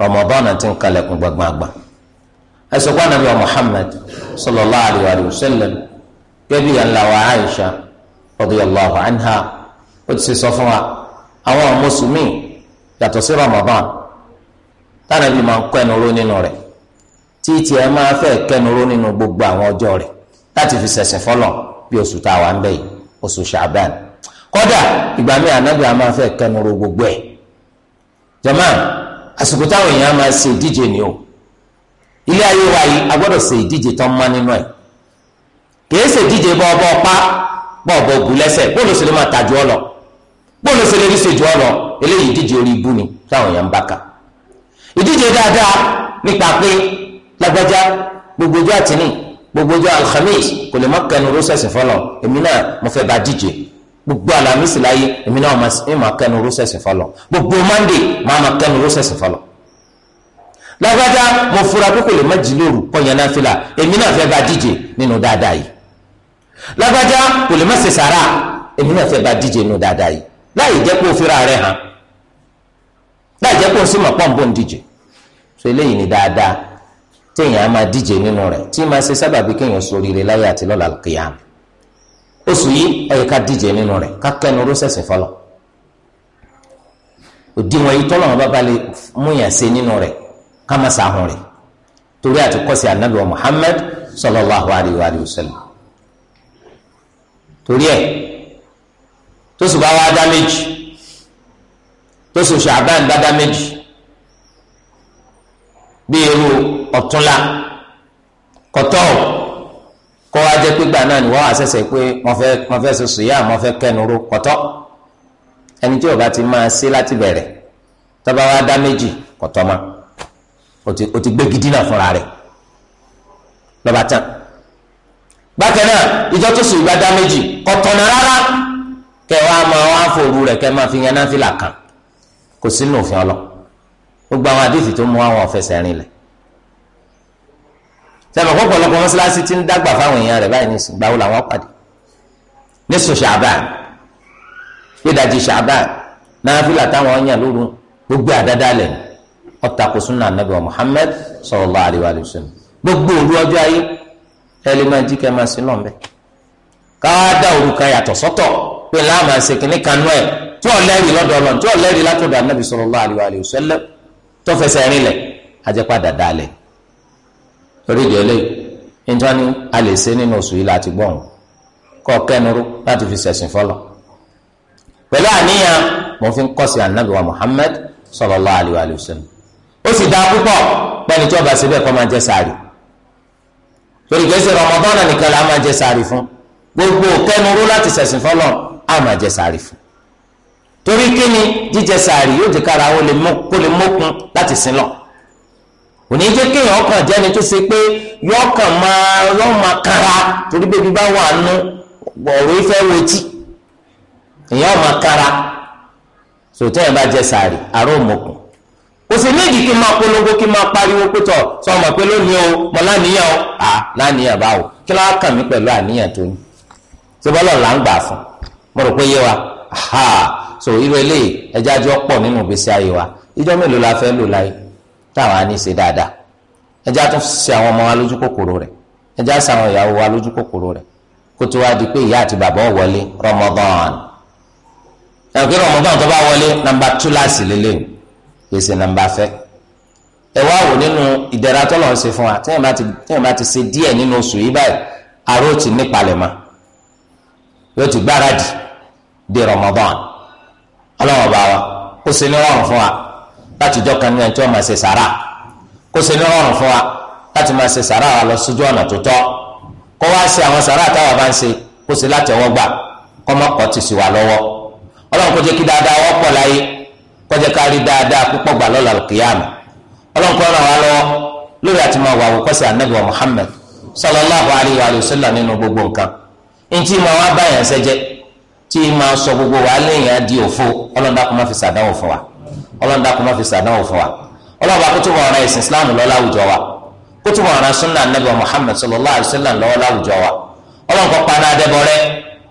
rọmọdọ́nà na ń kalẹ̀kùn gbàgbàgbà ẹsẹ̀ kó anabi wa muhammad sallallahu alayhi wa sallam gẹ́gẹ́ bí yàrá aisha radiyallahu anha otu ti sọ fún wa àwọn mùsùlùmí yàtọ̀ sí rọmọdọ́nà tánàbí máa ń kọ́ ẹnu ró nínú rẹ̀ a àsìkò táwọn èèyàn máa ṣe ìdíje ni o ilé ayé wa yìí a gbọ́dọ̀ ṣe ìdíje tán mọ́ nínú ẹ̀ kìí ṣe ìdíje bọ́ ọbọ̀ pa bọ́ ọbọ̀ ògùn lẹ́sẹ̀ bóòlù sì lè máa tàjú ọ lọ bóòlù sì lè rí ṣèjú ọ lọ eléyìí ìdíje orí ibú ni táwọn èèyàn ń bá ka ìdíje dáadáa nípa pé lágbájá gbogbo ọjọ́ àtìní gbogbo ọjọ́ alhamis kò lè má kẹnu rọ́ṣẹ̀ṣẹ̀ fọlọ́ èmi náà mo fẹ́ bá díje gbogbo alamisi láyé èmi náà ma kẹnu rúṣẹ̀ṣẹ̀ fọlọ gbogbo mande máa ma kẹnu rúṣẹ̀ṣẹ̀ fọlọ. lágbájá mo fura pé kò lè má jí Na kọyàn náà fìlà èmi náà fẹ́ bá díje nínú dáadáa yìí. lágbájá kò lè má ṣe sàrà èmi náà fẹ́ bá díje nínú dáadáa yìí láì fira rẹ̀ hàn láì jẹ́ kó o sì mọ̀ pọ́ǹpù ń so eléyìí ni dáadáa téèyàn á máa díje nínú rẹ̀ tí máa ṣe sábàbí kéèyàn ṣoríire láyé àti lọ́la kìyàmù oṣù yìí ẹ̀yẹ ká díje nínú rẹ̀ ká kẹ́nu ró sẹ̀sìn fọlọ́ òdiwọ̀n yìí tọ́lọ̀ wọn bá balẹ̀ múyàn ṣe nínú rẹ̀ ká má sàhùn rẹ̀ torí àti kọ́sí anabi wa Muhammad sallallahu alayhi wa sallam torí ẹ̀ tó sùn bá wá dá méjì tó sùn ṣàbán bá dá méjì bí irú ọ̀túnla kọ̀tọ́ọ̀ kọ́ wa jẹ́ pé gbà náà ni wọ́n wà sẹ̀sẹ̀ pé wọ́n fẹ́ wọ́n fẹ́ sọ sùúyà wọ́n fẹ́ kẹnuru kọ́tọ́ ẹni tí ó bá ti máa ṣe láti bẹ̀rẹ̀ tó wa dá méjì kọ́tọ́ ma o ti gbé gidi náà fúnra rẹ̀ lọ́ba tán bákan náà ìjọ tó sùn ìgbà dá méjì kọ́tọ́ náà rárá kẹ wàá máa wá fòru rẹ̀ kẹ máa fi yan náà fi là kò sínú òfin ọlọ gbogbo àwọn àdéhìí tó mú àwọn ọ̀fẹ́sẹ̀ rìn lẹ̀ sẹ́mi ọ̀pọ̀lọpọ̀ mọ́ṣáláṣí ti ń dàgbà fáwọn èèyàn rẹ̀ báyìí nísìnyí gbàwó làwọn pàdé nísùn ṣàbàn ìdajì ṣàbàn náfìlà táwọn ọ̀yàn lóru gbogbo àdáda lẹ̀ ọ̀tàkù súnà nàbì wa Muhammad sallallahu alaihi wa sallam gbogbo òru ọjọ́ ayé ẹlẹ́mẹ̀jì kẹ́ máa sí náà mẹ́ káwá dá òru kan yàtọ̀ sọ́tọ̀ pé láàmà ṣe kìnnì kanú ẹ̀ tí ò lẹ́rìí torí ìdí eléyìí níta ni a lè ṣe nínú oṣù yìí láti gbọ̀n kọ́ kẹ́nuró láti fi ṣẹ̀sìn fọlọ́ pẹ̀lú àníyàn mo fi ń kọ́ sí anabi wa Muhammad sallallahu alaihi wa sallam ó sì dáa púpọ̀ pẹ́ni tí ọba síbẹ̀ kọ́ máa jẹ́ sàárì torí kìí ṣe nìkan la máa jẹ sàárì fún gbogbo kẹ́nuró láti ṣẹ̀sìn fọlọ́ a máa jẹ sàárì fún torí kíni jíjẹ sàárì yóò jẹ kára ó lè mọ́ láti sin lọ́ọ̀ kò ní jẹ́ kéèyàn ọkàn jẹ́ni tó ṣe pé yọkàn máa lọ́mọ kara torí bébí bá wà nù ọ̀rọ̀ ìfẹ́ wetí èèyàn ọmọ kara sòtẹ́ ẹ̀ bá jẹ sàárì àárọ̀ mọ̀kùn kò sí méjì kí n máa polongo kí n máa pariwo pé sọ ma pé lónìí o mọ láníyàn o à láníyàn báwo kí ló kàn mí pẹ̀lú àníyàn tó ní ṣé bọ́lọ̀ là ń gbà fún mo rò pé yé wa ha so irú eléyìí ẹja jọ pọ̀ nínú ìgbésí ayé wa ìjọ mélòó la fẹ́ lò láyé táwọn ní ṣe dáadáa ẹjẹ́ tún ṣe àwọn ọmọ wa lójú kòkòrò rẹ̀ ẹjẹ́ ṣe àwọn ìyàwó wa lójú kòkòrò rẹ̀ kó tó wá di pé ìyá àti bàbá wọlé Ramadan ẹ̀rọ pé tó bá wọlé nàmbà túláàsì lélẹ̀ gbèsè nàmbà fẹ́ ẹ wá wò nínú ìdẹ̀ra tọ́lọ̀ ń ṣe fún wa bá ti ṣe nínú oṣù yìí báyìí aró ti láti jọ́ kan ní ẹni tí wọ́n máa ṣe sàrà kó ṣe ní rọrùn fún wa láti máa ṣe sàrà wa lọ sójú ọ̀nà tó tọ́ kó wá ṣe àwọn sàrà táwa bá ń ṣe kó ṣe láti ọwọ́ gbà kọ́ mọ́ kọ́ ti sì wà lọ́wọ́ ọlọ́run kó jẹ́ kí dáadáa wọ́ pọ̀ láyé kó jẹ́ ká rí dáadáa púpọ̀ gbà lọ́la kìyàmù ọlọ́run kó ràn wá lọ́wọ́ lórí àti máa wà wòkọ́sí anabi wa Muhammad sallallahu alayhi wa sallam nínú gbogbo nǹkan ntí máa wá báyà ń sẹ́jẹ́ tí máa sọ gbogbo wàhálà èèyàn di òfo ọlọ́run dákun má fi ṣàdánwò fún wa ọlọ́dà kò má fi sàdánwò fún wa ọlọ́ba kó túbọ̀ ọ̀ràn ẹ̀sìn islam lọ láwùjọ wa kó túbọ̀ ọ̀ràn sunna anabi muhammed sallallahu alayhi wa sallam lọ láwùjọ wa ọlọ́nkọ́ paná adẹ́bọ̀rẹ́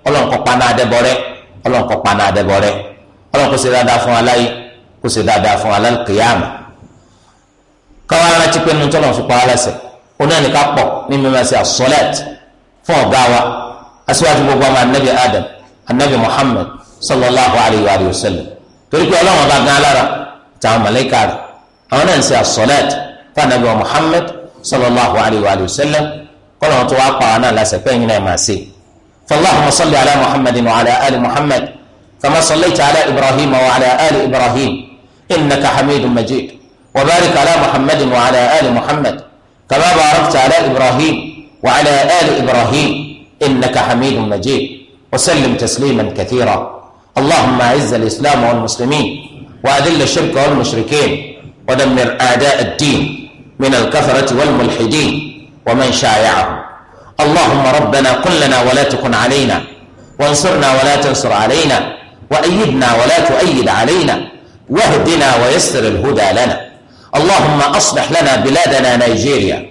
ọlọ́nkọ́ paná adẹ́bọ̀rẹ́ ọlọ́nkọ́ paná adẹ́bọ̀rẹ́ ọlọ́nkọ́ ṣe dáadáa fún aláyé kó ṣe dáadáa fún alálùkìyàmù káwọn arántí pé nu tọ́lọ̀ fi pa á lẹ́sẹ̀ oná ní ká pọ̀ ní mímọ́ sí asọ́lẹ̀t torí pé ọlọ́run bá gan alára táwọn mọ̀lẹ́kà rẹ̀ àwọn náà ń ṣe àsọ̀lẹ́t fanabi wa muhammed sallallahu alayhi wa sallam kọ́nà wọn tó wá pa àwọn náà lásẹ̀ pé ẹ̀yin náà máa ṣe fallahumma salli ala muhammadin wa ala ali muhammad kama sallaita ala ibrahim wa ala ali ibrahim innaka hamidun majid wa barik ala muhammadin wa ala ali muhammad kama barakta ala ibrahim wa ala ali ibrahim innaka hamidun majid wa sallim tasliman kathira. اللهم اعز الاسلام والمسلمين واذل الشرك والمشركين ودمر اعداء الدين من الكفره والملحدين ومن شايعهم اللهم ربنا قل لنا ولا تكن علينا وانصرنا ولا تنصر علينا وايدنا ولا تؤيد علينا واهدنا ويسر الهدى لنا اللهم اصلح لنا بلادنا نيجيريا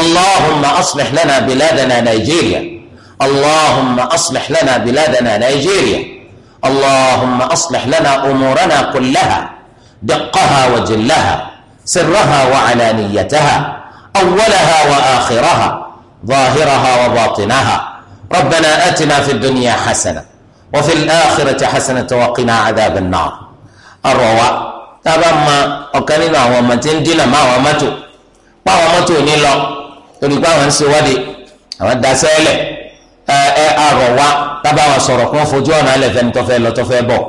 اللهم اصلح لنا بلادنا نيجيريا اللهم اصلح لنا بلادنا نيجيريا اللهم أصلح لنا أمورنا كلها دقها وجلها سرها وعلانيتها أولها وآخرها ظاهرها وباطنها ربنا آتنا في الدنيا حسنة وفي الآخرة حسنة وقنا عذاب النار الرواء تبما أكلنا ومتن دينا ما ومتو ما ومتو نيلو تقول ما وانسي ودي أما داسالي ẹ arọ̀ wa tábà wọn sọ̀rọ̀ kó fojú ọ̀nà alẹ́ fẹ́ni tó fẹ́ lọ tó fẹ́ bọ̀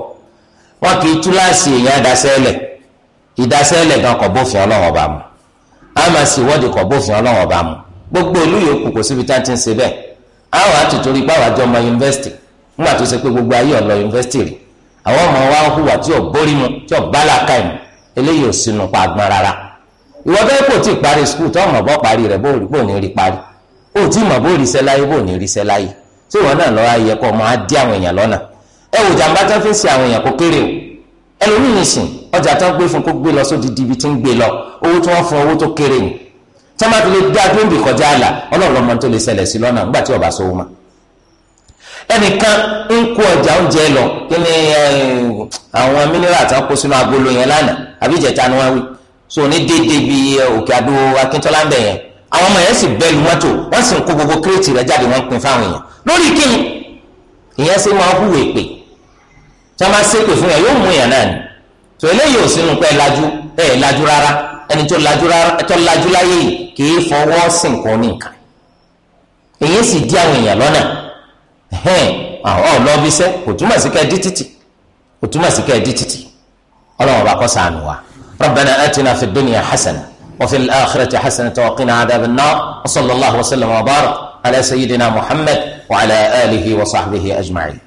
wọn kì í túláàsì èèyàn ìdásẹ́lẹ̀ ìdásẹ́lẹ̀ gan kò bófin ọlọ́wọ́ bá mu àmà sì wọ́ọ̀dì kò bófin ọlọ́wọ́ bá mu gbogbo ìlú yòókù kò síbi tá a ti ń ṣe bẹ́ẹ̀ àwọn àtìtorí pé àwọn àjọ ọmọ yunifásitì nígbà tó ṣe pé gbogbo ayé ọ̀lọ́ yunifásitì rè àwọn ọmọ wa ń hùwà tí ò bórí mu tí ò bá làákà mu eléyìí ò sínú pa agbọn rárá ìwọ́n fẹ́ kò tí ì parí skul tó ọmọ bọ́ parí rẹ̀ bó rí ní rí parí ó tí mà bó ríṣẹ́ láyé bó ní ríṣẹ́ láyé tí wọn náà lọ́wọ́ ayẹ kọ́ máa dí àwọn èèyàn lọ́nà ẹ wò jàǹbá tán fi ń ṣe àwọn èèyàn kó kéré o ẹlòmíì nìsín ọjà tán gbé fún kó gbé lọ sódì dibi tí ń gbé lọ owó tí fún owó tó kéré ni tí wọ́n bá fi lè dá tó ń bì kọjá àlà ọlọ́run ọmọ tó lè ṣẹlẹ̀ sí lọ́nà nígbà tí ọba sọ́wọ́ ma ẹnìkan ń kó ọjà oúnjẹ lọ kí ni àwọn mínírà tán kó sínú agolo yẹn àwọn ọmọ yẹn sì bẹ́ẹ̀ lu mọ́tò wọ́n sì ń kó gbogbo kírètì rẹ̀ jáde wọ́n ń pin fáwọn èèyàn lórí kíni ìyẹn ṣe máa hùwà èpè tí wọ́n bá ṣépè fún yẹn yóò mú yẹn náà ni tó eléyìí ò sínú pé lajú ẹ̀ lajú rárá ẹni tó lajú rárá tó lajú láyé yìí kì í fọwọ́ sìn kó ní nǹkan èyí sì dí àwọn èèyàn lọ́nà àwọn ọlọ́bíṣẹ́ kò túmọ̀ sí ká ẹ dí títì kò túmọ̀ sí ká ẹ dí títì ọlọ́run ọba kó ṣàánú wa rabbana atina fid وفي الآخرة حسنة وقنا عذاب النار وصلى الله وسلم وبارك على سيدنا محمد وعلى آله وصحبه أجمعين